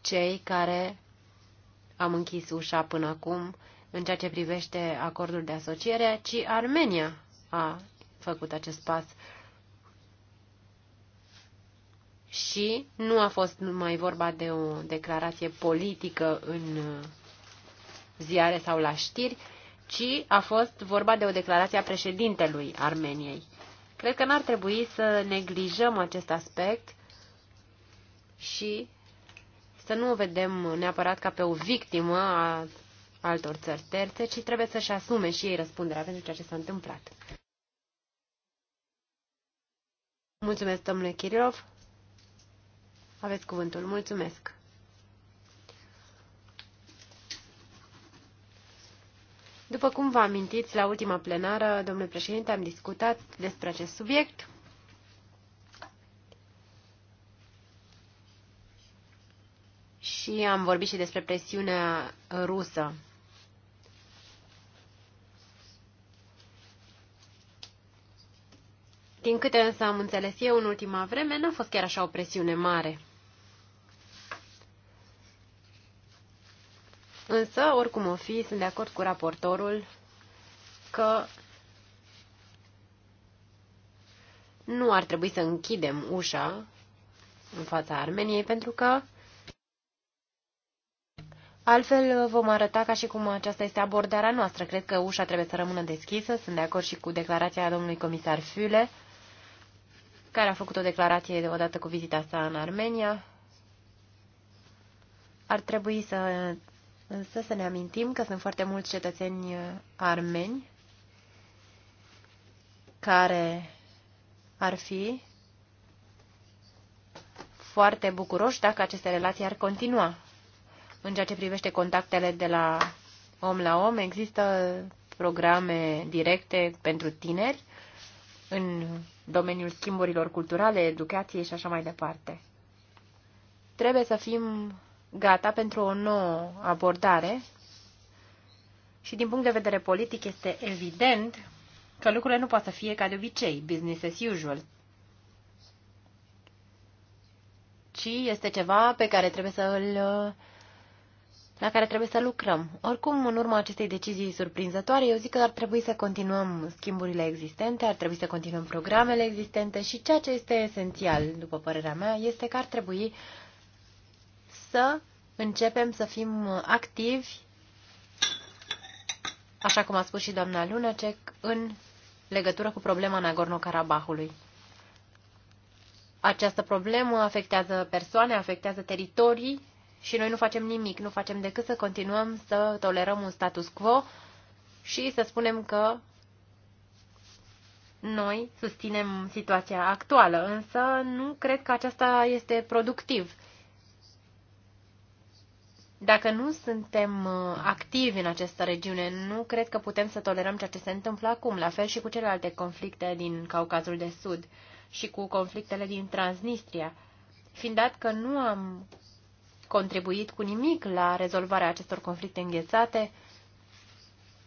[SPEAKER 3] cei care am închis ușa până acum în ceea ce privește acordul de asociere, ci Armenia a făcut acest pas. Și nu a fost numai vorba de o declarație politică în uh, ziare sau la știri, ci a fost vorba de o declarație a președintelui Armeniei. Cred că n-ar trebui să neglijăm acest aspect și să nu o vedem neapărat ca pe o victimă a altor țări terțe, ci trebuie să-și asume și ei răspunderea pentru ceea ce s-a întâmplat. Mulțumesc, domnule Kirilov. Aveți cuvântul. Mulțumesc. După cum vă amintiți, la ultima plenară, domnule președinte, am discutat despre acest subiect. Și am vorbit și despre presiunea rusă. Din câte însă am înțeles eu în ultima vreme, n-a fost chiar așa o presiune mare. Însă, oricum o fi, sunt de acord cu raportorul că nu ar trebui să închidem ușa în fața Armeniei, pentru că altfel vom arăta ca și cum aceasta este abordarea noastră. Cred că ușa trebuie să rămână deschisă. Sunt de acord și cu declarația domnului comisar Füle, care a făcut o declarație odată cu vizita sa în Armenia. Ar trebui să Însă să ne amintim că sunt foarte mulți cetățeni uh, armeni care ar fi foarte bucuroși dacă aceste relații ar continua. În ceea ce privește contactele de la om la om, există programe directe pentru tineri în domeniul schimburilor culturale, educației și așa mai departe. Trebuie să fim gata pentru o nouă abordare și din punct de vedere politic este evident că lucrurile nu pot să fie ca de obicei, business as usual, ci este ceva pe care trebuie să îl la care trebuie să lucrăm. Oricum, în urma acestei decizii surprinzătoare, eu zic că ar trebui să continuăm schimburile existente, ar trebui să continuăm programele existente și ceea ce este esențial, după părerea mea, este că ar trebui să începem să fim activi, așa cum a spus și doamna Lunacek, în legătură cu problema Nagorno-Karabahului. Această problemă afectează persoane, afectează teritorii și noi nu facem nimic, nu facem decât să continuăm să tolerăm un status quo și să spunem că noi susținem situația actuală, însă nu cred că aceasta este productiv. Dacă nu suntem uh, activi în această regiune, nu cred că putem să tolerăm ceea ce se întâmplă acum, la fel și cu celelalte conflicte din Caucazul de Sud și cu conflictele din Transnistria, fiind dat că nu am contribuit cu nimic la rezolvarea acestor conflicte înghețate,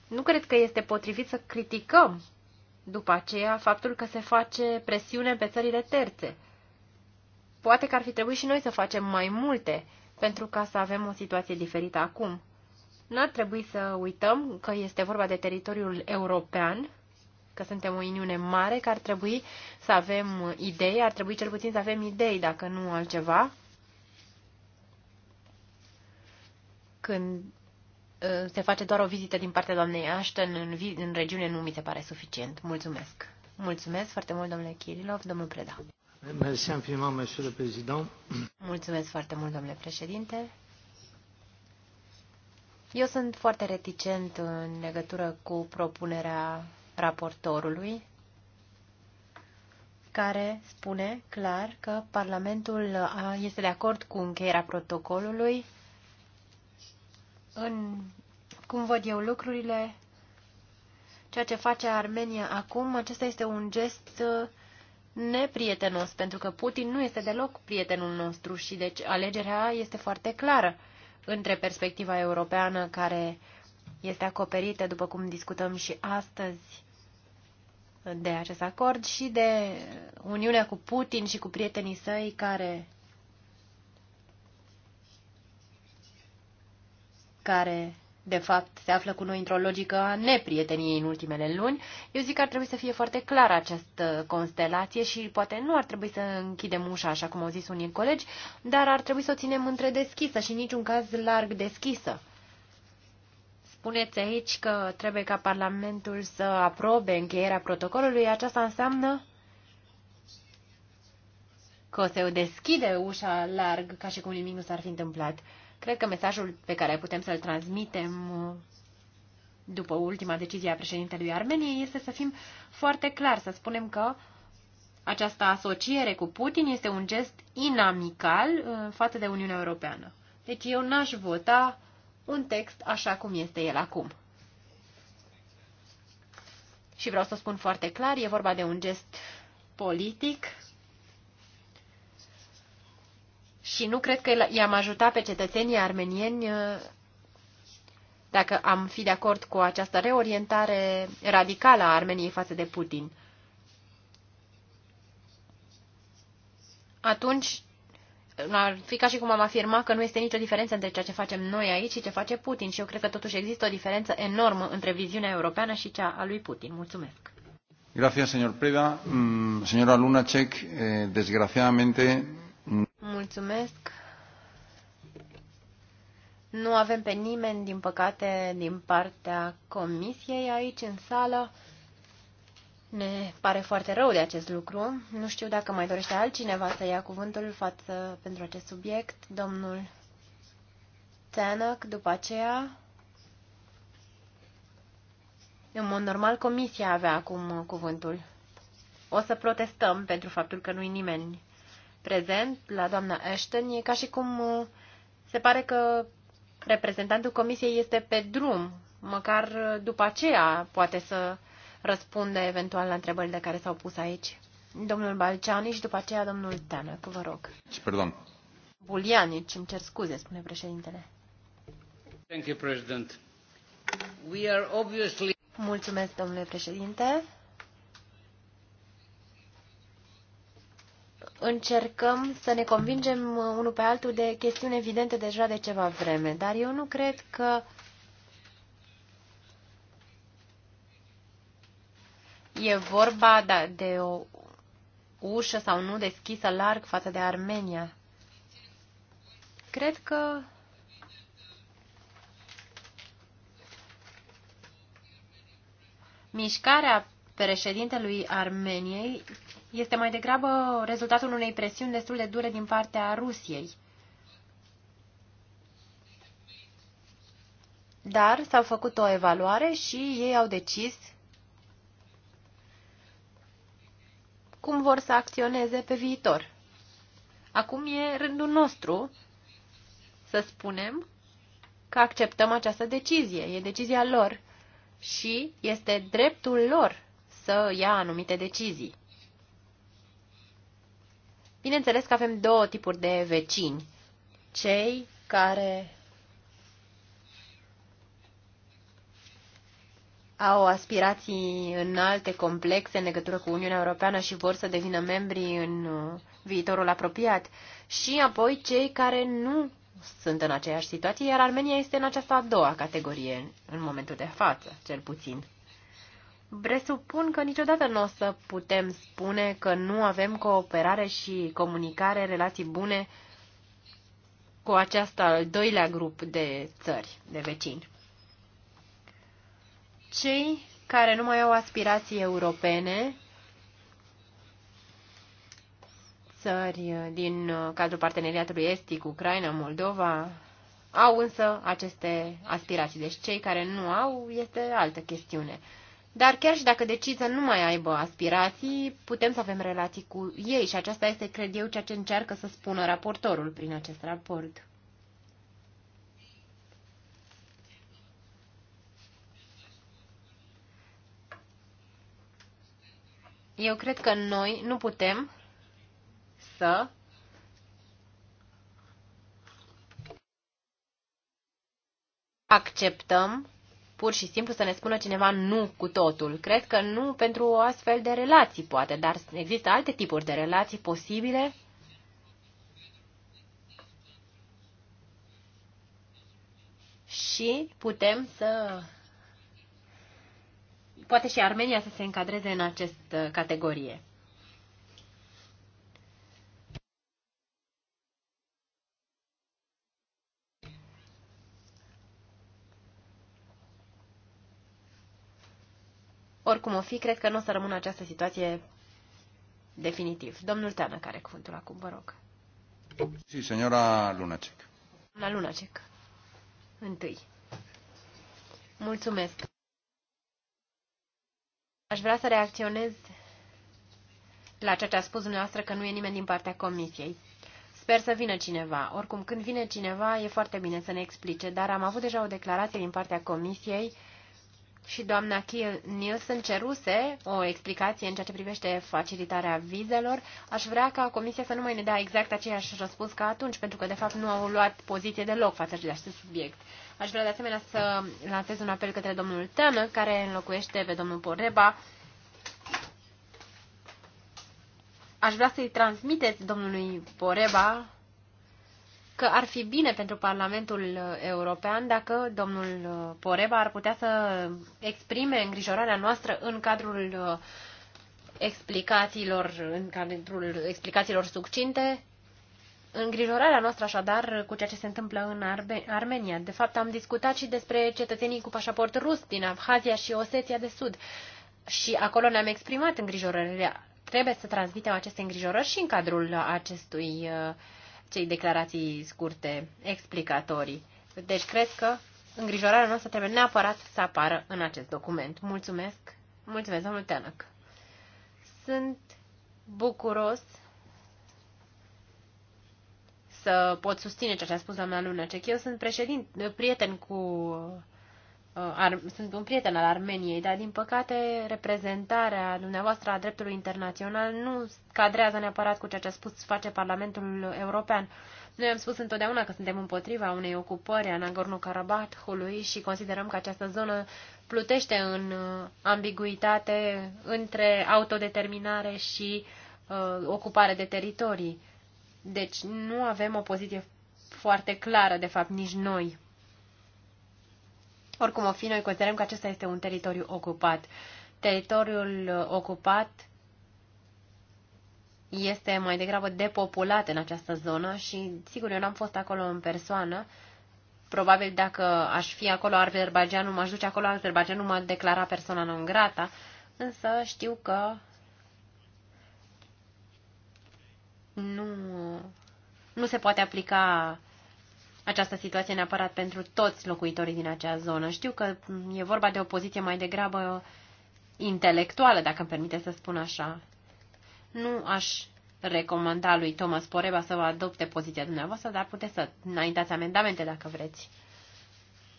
[SPEAKER 3] nu cred că este potrivit să criticăm după aceea faptul că se face presiune pe țările terțe. Poate că ar fi trebuit și noi să facem mai multe pentru ca să avem o situație diferită acum. N-ar trebui să uităm că este vorba de teritoriul european, că suntem o Uniune mare, că ar trebui să avem idei, ar trebui cel puțin să avem idei, dacă nu altceva, când uh, se face doar o vizită din partea doamnei Ashton în, în regiune nu mi se pare suficient. Mulțumesc. Mulțumesc foarte mult, domnule Kirilov, domnul Preda. Mulțumesc foarte mult, domnule președinte. Eu sunt foarte reticent în legătură cu propunerea raportorului, care spune clar că Parlamentul este de acord cu încheierea protocolului. În cum văd eu lucrurile, ceea ce face Armenia acum, acesta este un gest uh, neprietenos, pentru că Putin nu este deloc prietenul nostru și deci alegerea este foarte clară între perspectiva europeană care este acoperită, după cum discutăm și astăzi, de acest acord și de uniunea cu Putin și cu prietenii săi care care de fapt, se află cu noi într-o logică a neprieteniei în ultimele luni. Eu zic că ar trebui să fie foarte clară această constelație și poate nu ar trebui să închidem ușa, așa cum au zis unii colegi, dar ar trebui să o ținem între deschisă și în niciun caz larg deschisă. Spuneți aici că trebuie ca Parlamentul să aprobe încheierea protocolului. Aceasta înseamnă că o să deschide ușa larg, ca și cum nimic nu s-ar fi întâmplat. Cred că mesajul pe care putem să-l transmitem uh, după ultima decizie a președintelui Armeniei este să fim foarte clar, să spunem că această asociere cu Putin este un gest inamical uh, față de Uniunea Europeană. Deci eu n-aș vota un text așa cum este el acum. Și vreau să spun foarte clar, e vorba de un gest politic și nu cred că i-am ajutat pe cetățenii armenieni uh, dacă am fi de acord cu această reorientare radicală a Armeniei față de Putin. Atunci ar fi ca și cum am afirmat că nu este nicio diferență între ceea ce facem noi aici și ce face Putin și eu cred că totuși există o diferență enormă între viziunea europeană și cea a lui Putin. Mulțumesc. Grazie, señor Preda. Mm,
[SPEAKER 1] señora Lunacek, eh, desgraciadamente
[SPEAKER 3] Mulțumesc. Nu avem pe nimeni, din păcate, din partea comisiei aici în sală. Ne pare foarte rău de acest lucru. Nu știu dacă mai dorește altcineva să ia cuvântul față pentru acest subiect. Domnul Țeanăc, după aceea... În mod normal, comisia avea acum cuvântul. O să protestăm pentru faptul că nu-i nimeni prezent la doamna Ashton, e ca și cum uh, se pare că reprezentantul comisiei este pe drum, măcar uh, după aceea poate să răspunde eventual la întrebările care s-au pus aici. Domnul Balciani și după aceea domnul Teanăc, vă rog. Pardon. Bulianici, îmi cer scuze, spune președintele.
[SPEAKER 2] Thank you, President.
[SPEAKER 3] We are obviously... Mulțumesc, domnule președinte. încercăm să ne convingem unul pe altul de chestiuni evidente deja de ceva vreme, dar eu nu cred că e vorba da, de o ușă sau nu deschisă larg față de Armenia. Cred că mișcarea președintelui Armeniei este mai degrabă rezultatul unei presiuni destul de dure din partea Rusiei. Dar s-au făcut o evaluare și ei au decis cum vor să acționeze pe viitor. Acum e rândul nostru să spunem că acceptăm această decizie. E decizia lor și este dreptul lor să ia anumite decizii. Bineînțeles că avem două tipuri de vecini. Cei care au aspirații înalte, complexe în legătură cu Uniunea Europeană și vor să devină membri în uh, viitorul apropiat. Și apoi cei care nu sunt în aceeași situație, iar Armenia este în această a doua categorie în momentul de față, cel puțin presupun că niciodată nu o să putem spune că nu avem cooperare și comunicare, relații bune cu această al doilea grup de țări, de vecini. Cei care nu mai au aspirații europene, țări din cadrul parteneriatului estic, Ucraina, Moldova, au însă aceste aspirații. Deci cei care nu au este altă chestiune. Dar chiar și dacă decizi să nu mai aibă aspirații, putem să avem relații cu ei și aceasta este, cred eu, ceea ce încearcă să spună raportorul prin acest raport. Eu cred că noi nu putem să acceptăm pur și simplu să ne spună cineva nu cu totul. Cred că nu pentru o astfel de relații, poate, dar există alte tipuri de relații posibile. Și putem să... Poate și Armenia să se încadreze în această categorie. Oricum o fi, cred că nu o să rămână această situație definitiv. Domnul Teană, care cuvântul acum, vă rog.
[SPEAKER 1] Și senora Lunacek.
[SPEAKER 3] La Lunacek. Întâi. Mulțumesc. Aș vrea să reacționez la ceea ce a spus dumneavoastră că nu e nimeni din partea comisiei. Sper să vină cineva. Oricum, când vine cineva, e foarte bine să ne explice, dar am avut deja o declarație din partea comisiei și doamna Kiel Nielsen ceruse o explicație în ceea ce privește facilitarea vizelor. Aș vrea ca Comisia să nu mai ne dea exact aceeași răspuns ca atunci, pentru că de fapt nu au luat poziție deloc față de acest subiect. Aș vrea de asemenea să lansez un apel către domnul Tână, care înlocuiește pe domnul Poreba. Aș vrea să-i transmiteți domnului Poreba că ar fi bine pentru Parlamentul uh, European dacă domnul uh, Poreba ar putea să exprime îngrijorarea noastră în cadrul uh, explicațiilor, în cadrul explicațiilor succinte. Îngrijorarea noastră așadar cu ceea ce se întâmplă în Arbe Armenia. De fapt, am discutat și despre cetățenii cu pașaport rus din Abhazia și Osetia de Sud. Și acolo ne-am exprimat îngrijorările. Trebuie să transmitem aceste îngrijorări și în cadrul acestui uh, cei declarații scurte explicatorii. Deci cred că îngrijorarea noastră trebuie neapărat să apară în acest document. Mulțumesc! Mulțumesc, domnul Teanăc! Sunt bucuros să pot susține ceea ce a spus doamna Lunacek. Eu sunt președinte, prieten cu Uh, ar, sunt un prieten al Armeniei, dar din păcate reprezentarea dumneavoastră a dreptului internațional nu cadrează neapărat cu ceea ce a spus face Parlamentul European. Noi am spus întotdeauna că suntem împotriva unei ocupări a Nagorno-Karabahului și considerăm că această zonă plutește în uh, ambiguitate între autodeterminare și uh, ocupare de teritorii. Deci nu avem o poziție foarte clară, de fapt, nici noi oricum o fi, noi considerăm că acesta este un teritoriu ocupat. Teritoriul ocupat este mai degrabă depopulat în această zonă și, sigur, eu n-am fost acolo în persoană. Probabil dacă aș fi acolo Azerbaijanul, m-aș duce acolo Azerbaijanul, m a declara persoana non grata, însă știu că nu, nu se poate aplica această situație neapărat pentru toți locuitorii din acea zonă. Știu că e vorba de o poziție mai degrabă intelectuală, dacă îmi permite să spun așa. Nu aș recomanda lui Thomas Poreba să vă adopte poziția dumneavoastră, dar puteți să înaintați amendamente dacă vreți,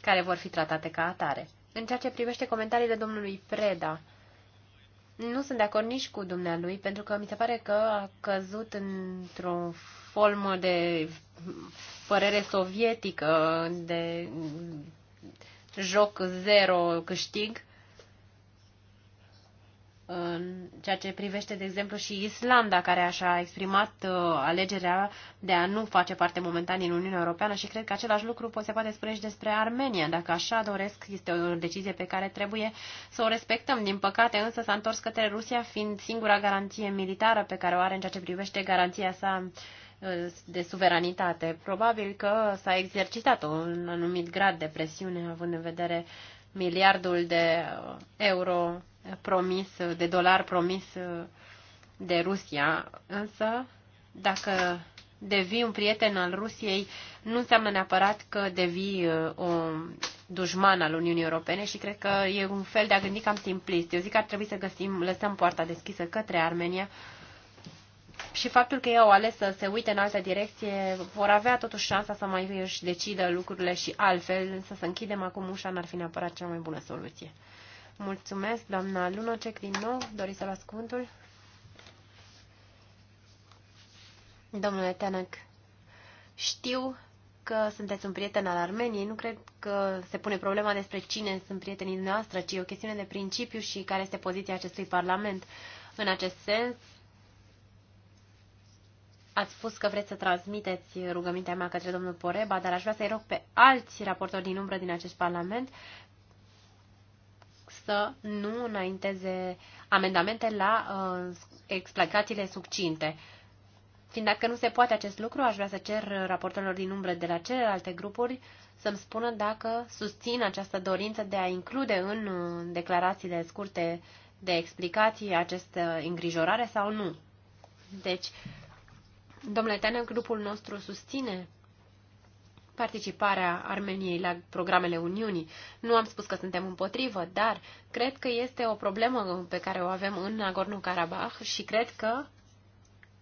[SPEAKER 3] care vor fi tratate ca atare. În ceea ce privește comentariile domnului Preda, nu sunt de acord nici cu dumnealui, pentru că mi se pare că a căzut într-o formă de părere sovietică, de joc zero câștig, în ceea ce privește, de exemplu, și Islanda, care așa a exprimat uh, alegerea de a nu face parte momentan din Uniunea Europeană și cred că același lucru se poate spune și despre Armenia. Dacă așa doresc, este o decizie pe care trebuie să o respectăm. Din păcate, însă, s-a întors către Rusia, fiind singura garanție militară pe care o are în ceea ce privește garanția sa uh, de suveranitate. Probabil că s-a exercitat un anumit grad de presiune, având în vedere miliardul de uh, euro promis, de dolar promis de Rusia, însă dacă devii un prieten al Rusiei, nu înseamnă neapărat că devii uh, un dușman al Uniunii Europene și cred că e un fel de a gândi cam simplist. Eu zic că ar trebui să găsim, lăsăm poarta deschisă către Armenia și faptul că ei au ales să se uite în altă direcție, vor avea totuși șansa să mai își decidă lucrurile și altfel, însă să închidem acum ușa n-ar fi neapărat cea mai bună soluție. Mulțumesc, doamna Lunocek, din nou. Doriți să luați cuvântul? Domnule Tenec, știu că sunteți un prieten al Armeniei. Nu cred că se pune problema despre cine sunt prietenii noastre, ci e o chestiune de principiu și care este poziția acestui Parlament. În acest sens, Ați spus că vreți să transmiteți rugămintea mea către domnul Poreba, dar aș vrea să-i rog pe alți raportori din umbră din acest Parlament să nu înainteze amendamente la uh, explicațiile succinte. Fiind dacă nu se poate acest lucru, aș vrea să cer raportorilor din umbră de la celelalte grupuri să-mi spună dacă susțin această dorință de a include în uh, declarațiile scurte de explicații această îngrijorare sau nu. Deci, domnule Teană, grupul nostru susține participarea Armeniei la programele Uniunii. Nu am spus că suntem împotrivă, dar cred că este o problemă pe care o avem în Nagorno-Karabakh și cred că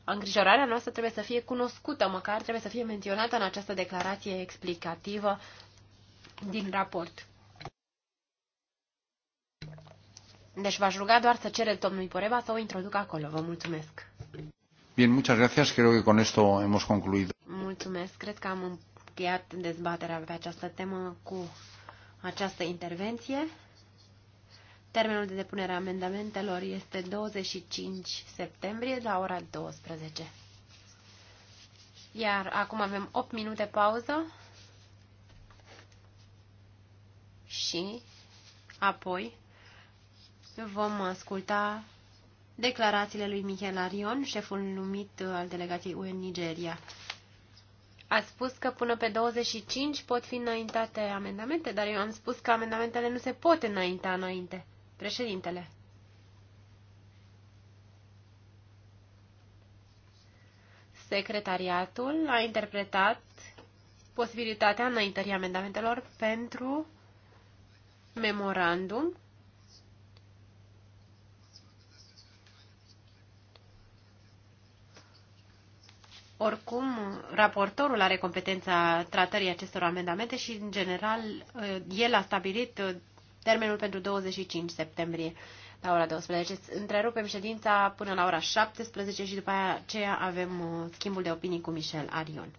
[SPEAKER 3] îngrijorarea noastră trebuie să fie cunoscută, măcar trebuie să fie menționată în această declarație explicativă din raport. Deci v-aș ruga doar să cere domnului Poreba să o introduc acolo. Vă mulțumesc. Bien, muchas gracias. Creo que con esto hemos concluido. Mulțumesc. Cred că am încheiat dezbaterea pe această temă cu această intervenție. Termenul de depunere a amendamentelor este 25 septembrie la ora 12. Iar acum avem 8 minute pauză și apoi vom asculta declarațiile lui Michel Arion, șeful numit al delegației UE în Nigeria. A spus că până pe 25 pot fi înaintate amendamente, dar eu am spus că amendamentele nu se pot înainta înainte. Președintele. Secretariatul a interpretat posibilitatea înaintării amendamentelor pentru memorandum Oricum, raportorul are competența tratării acestor amendamente și, în general, el a stabilit uh, termenul pentru 25 septembrie la ora 12. Deci, întrerupem ședința până la ora 17 și după aceea avem uh, schimbul de opinii cu Michel Arion.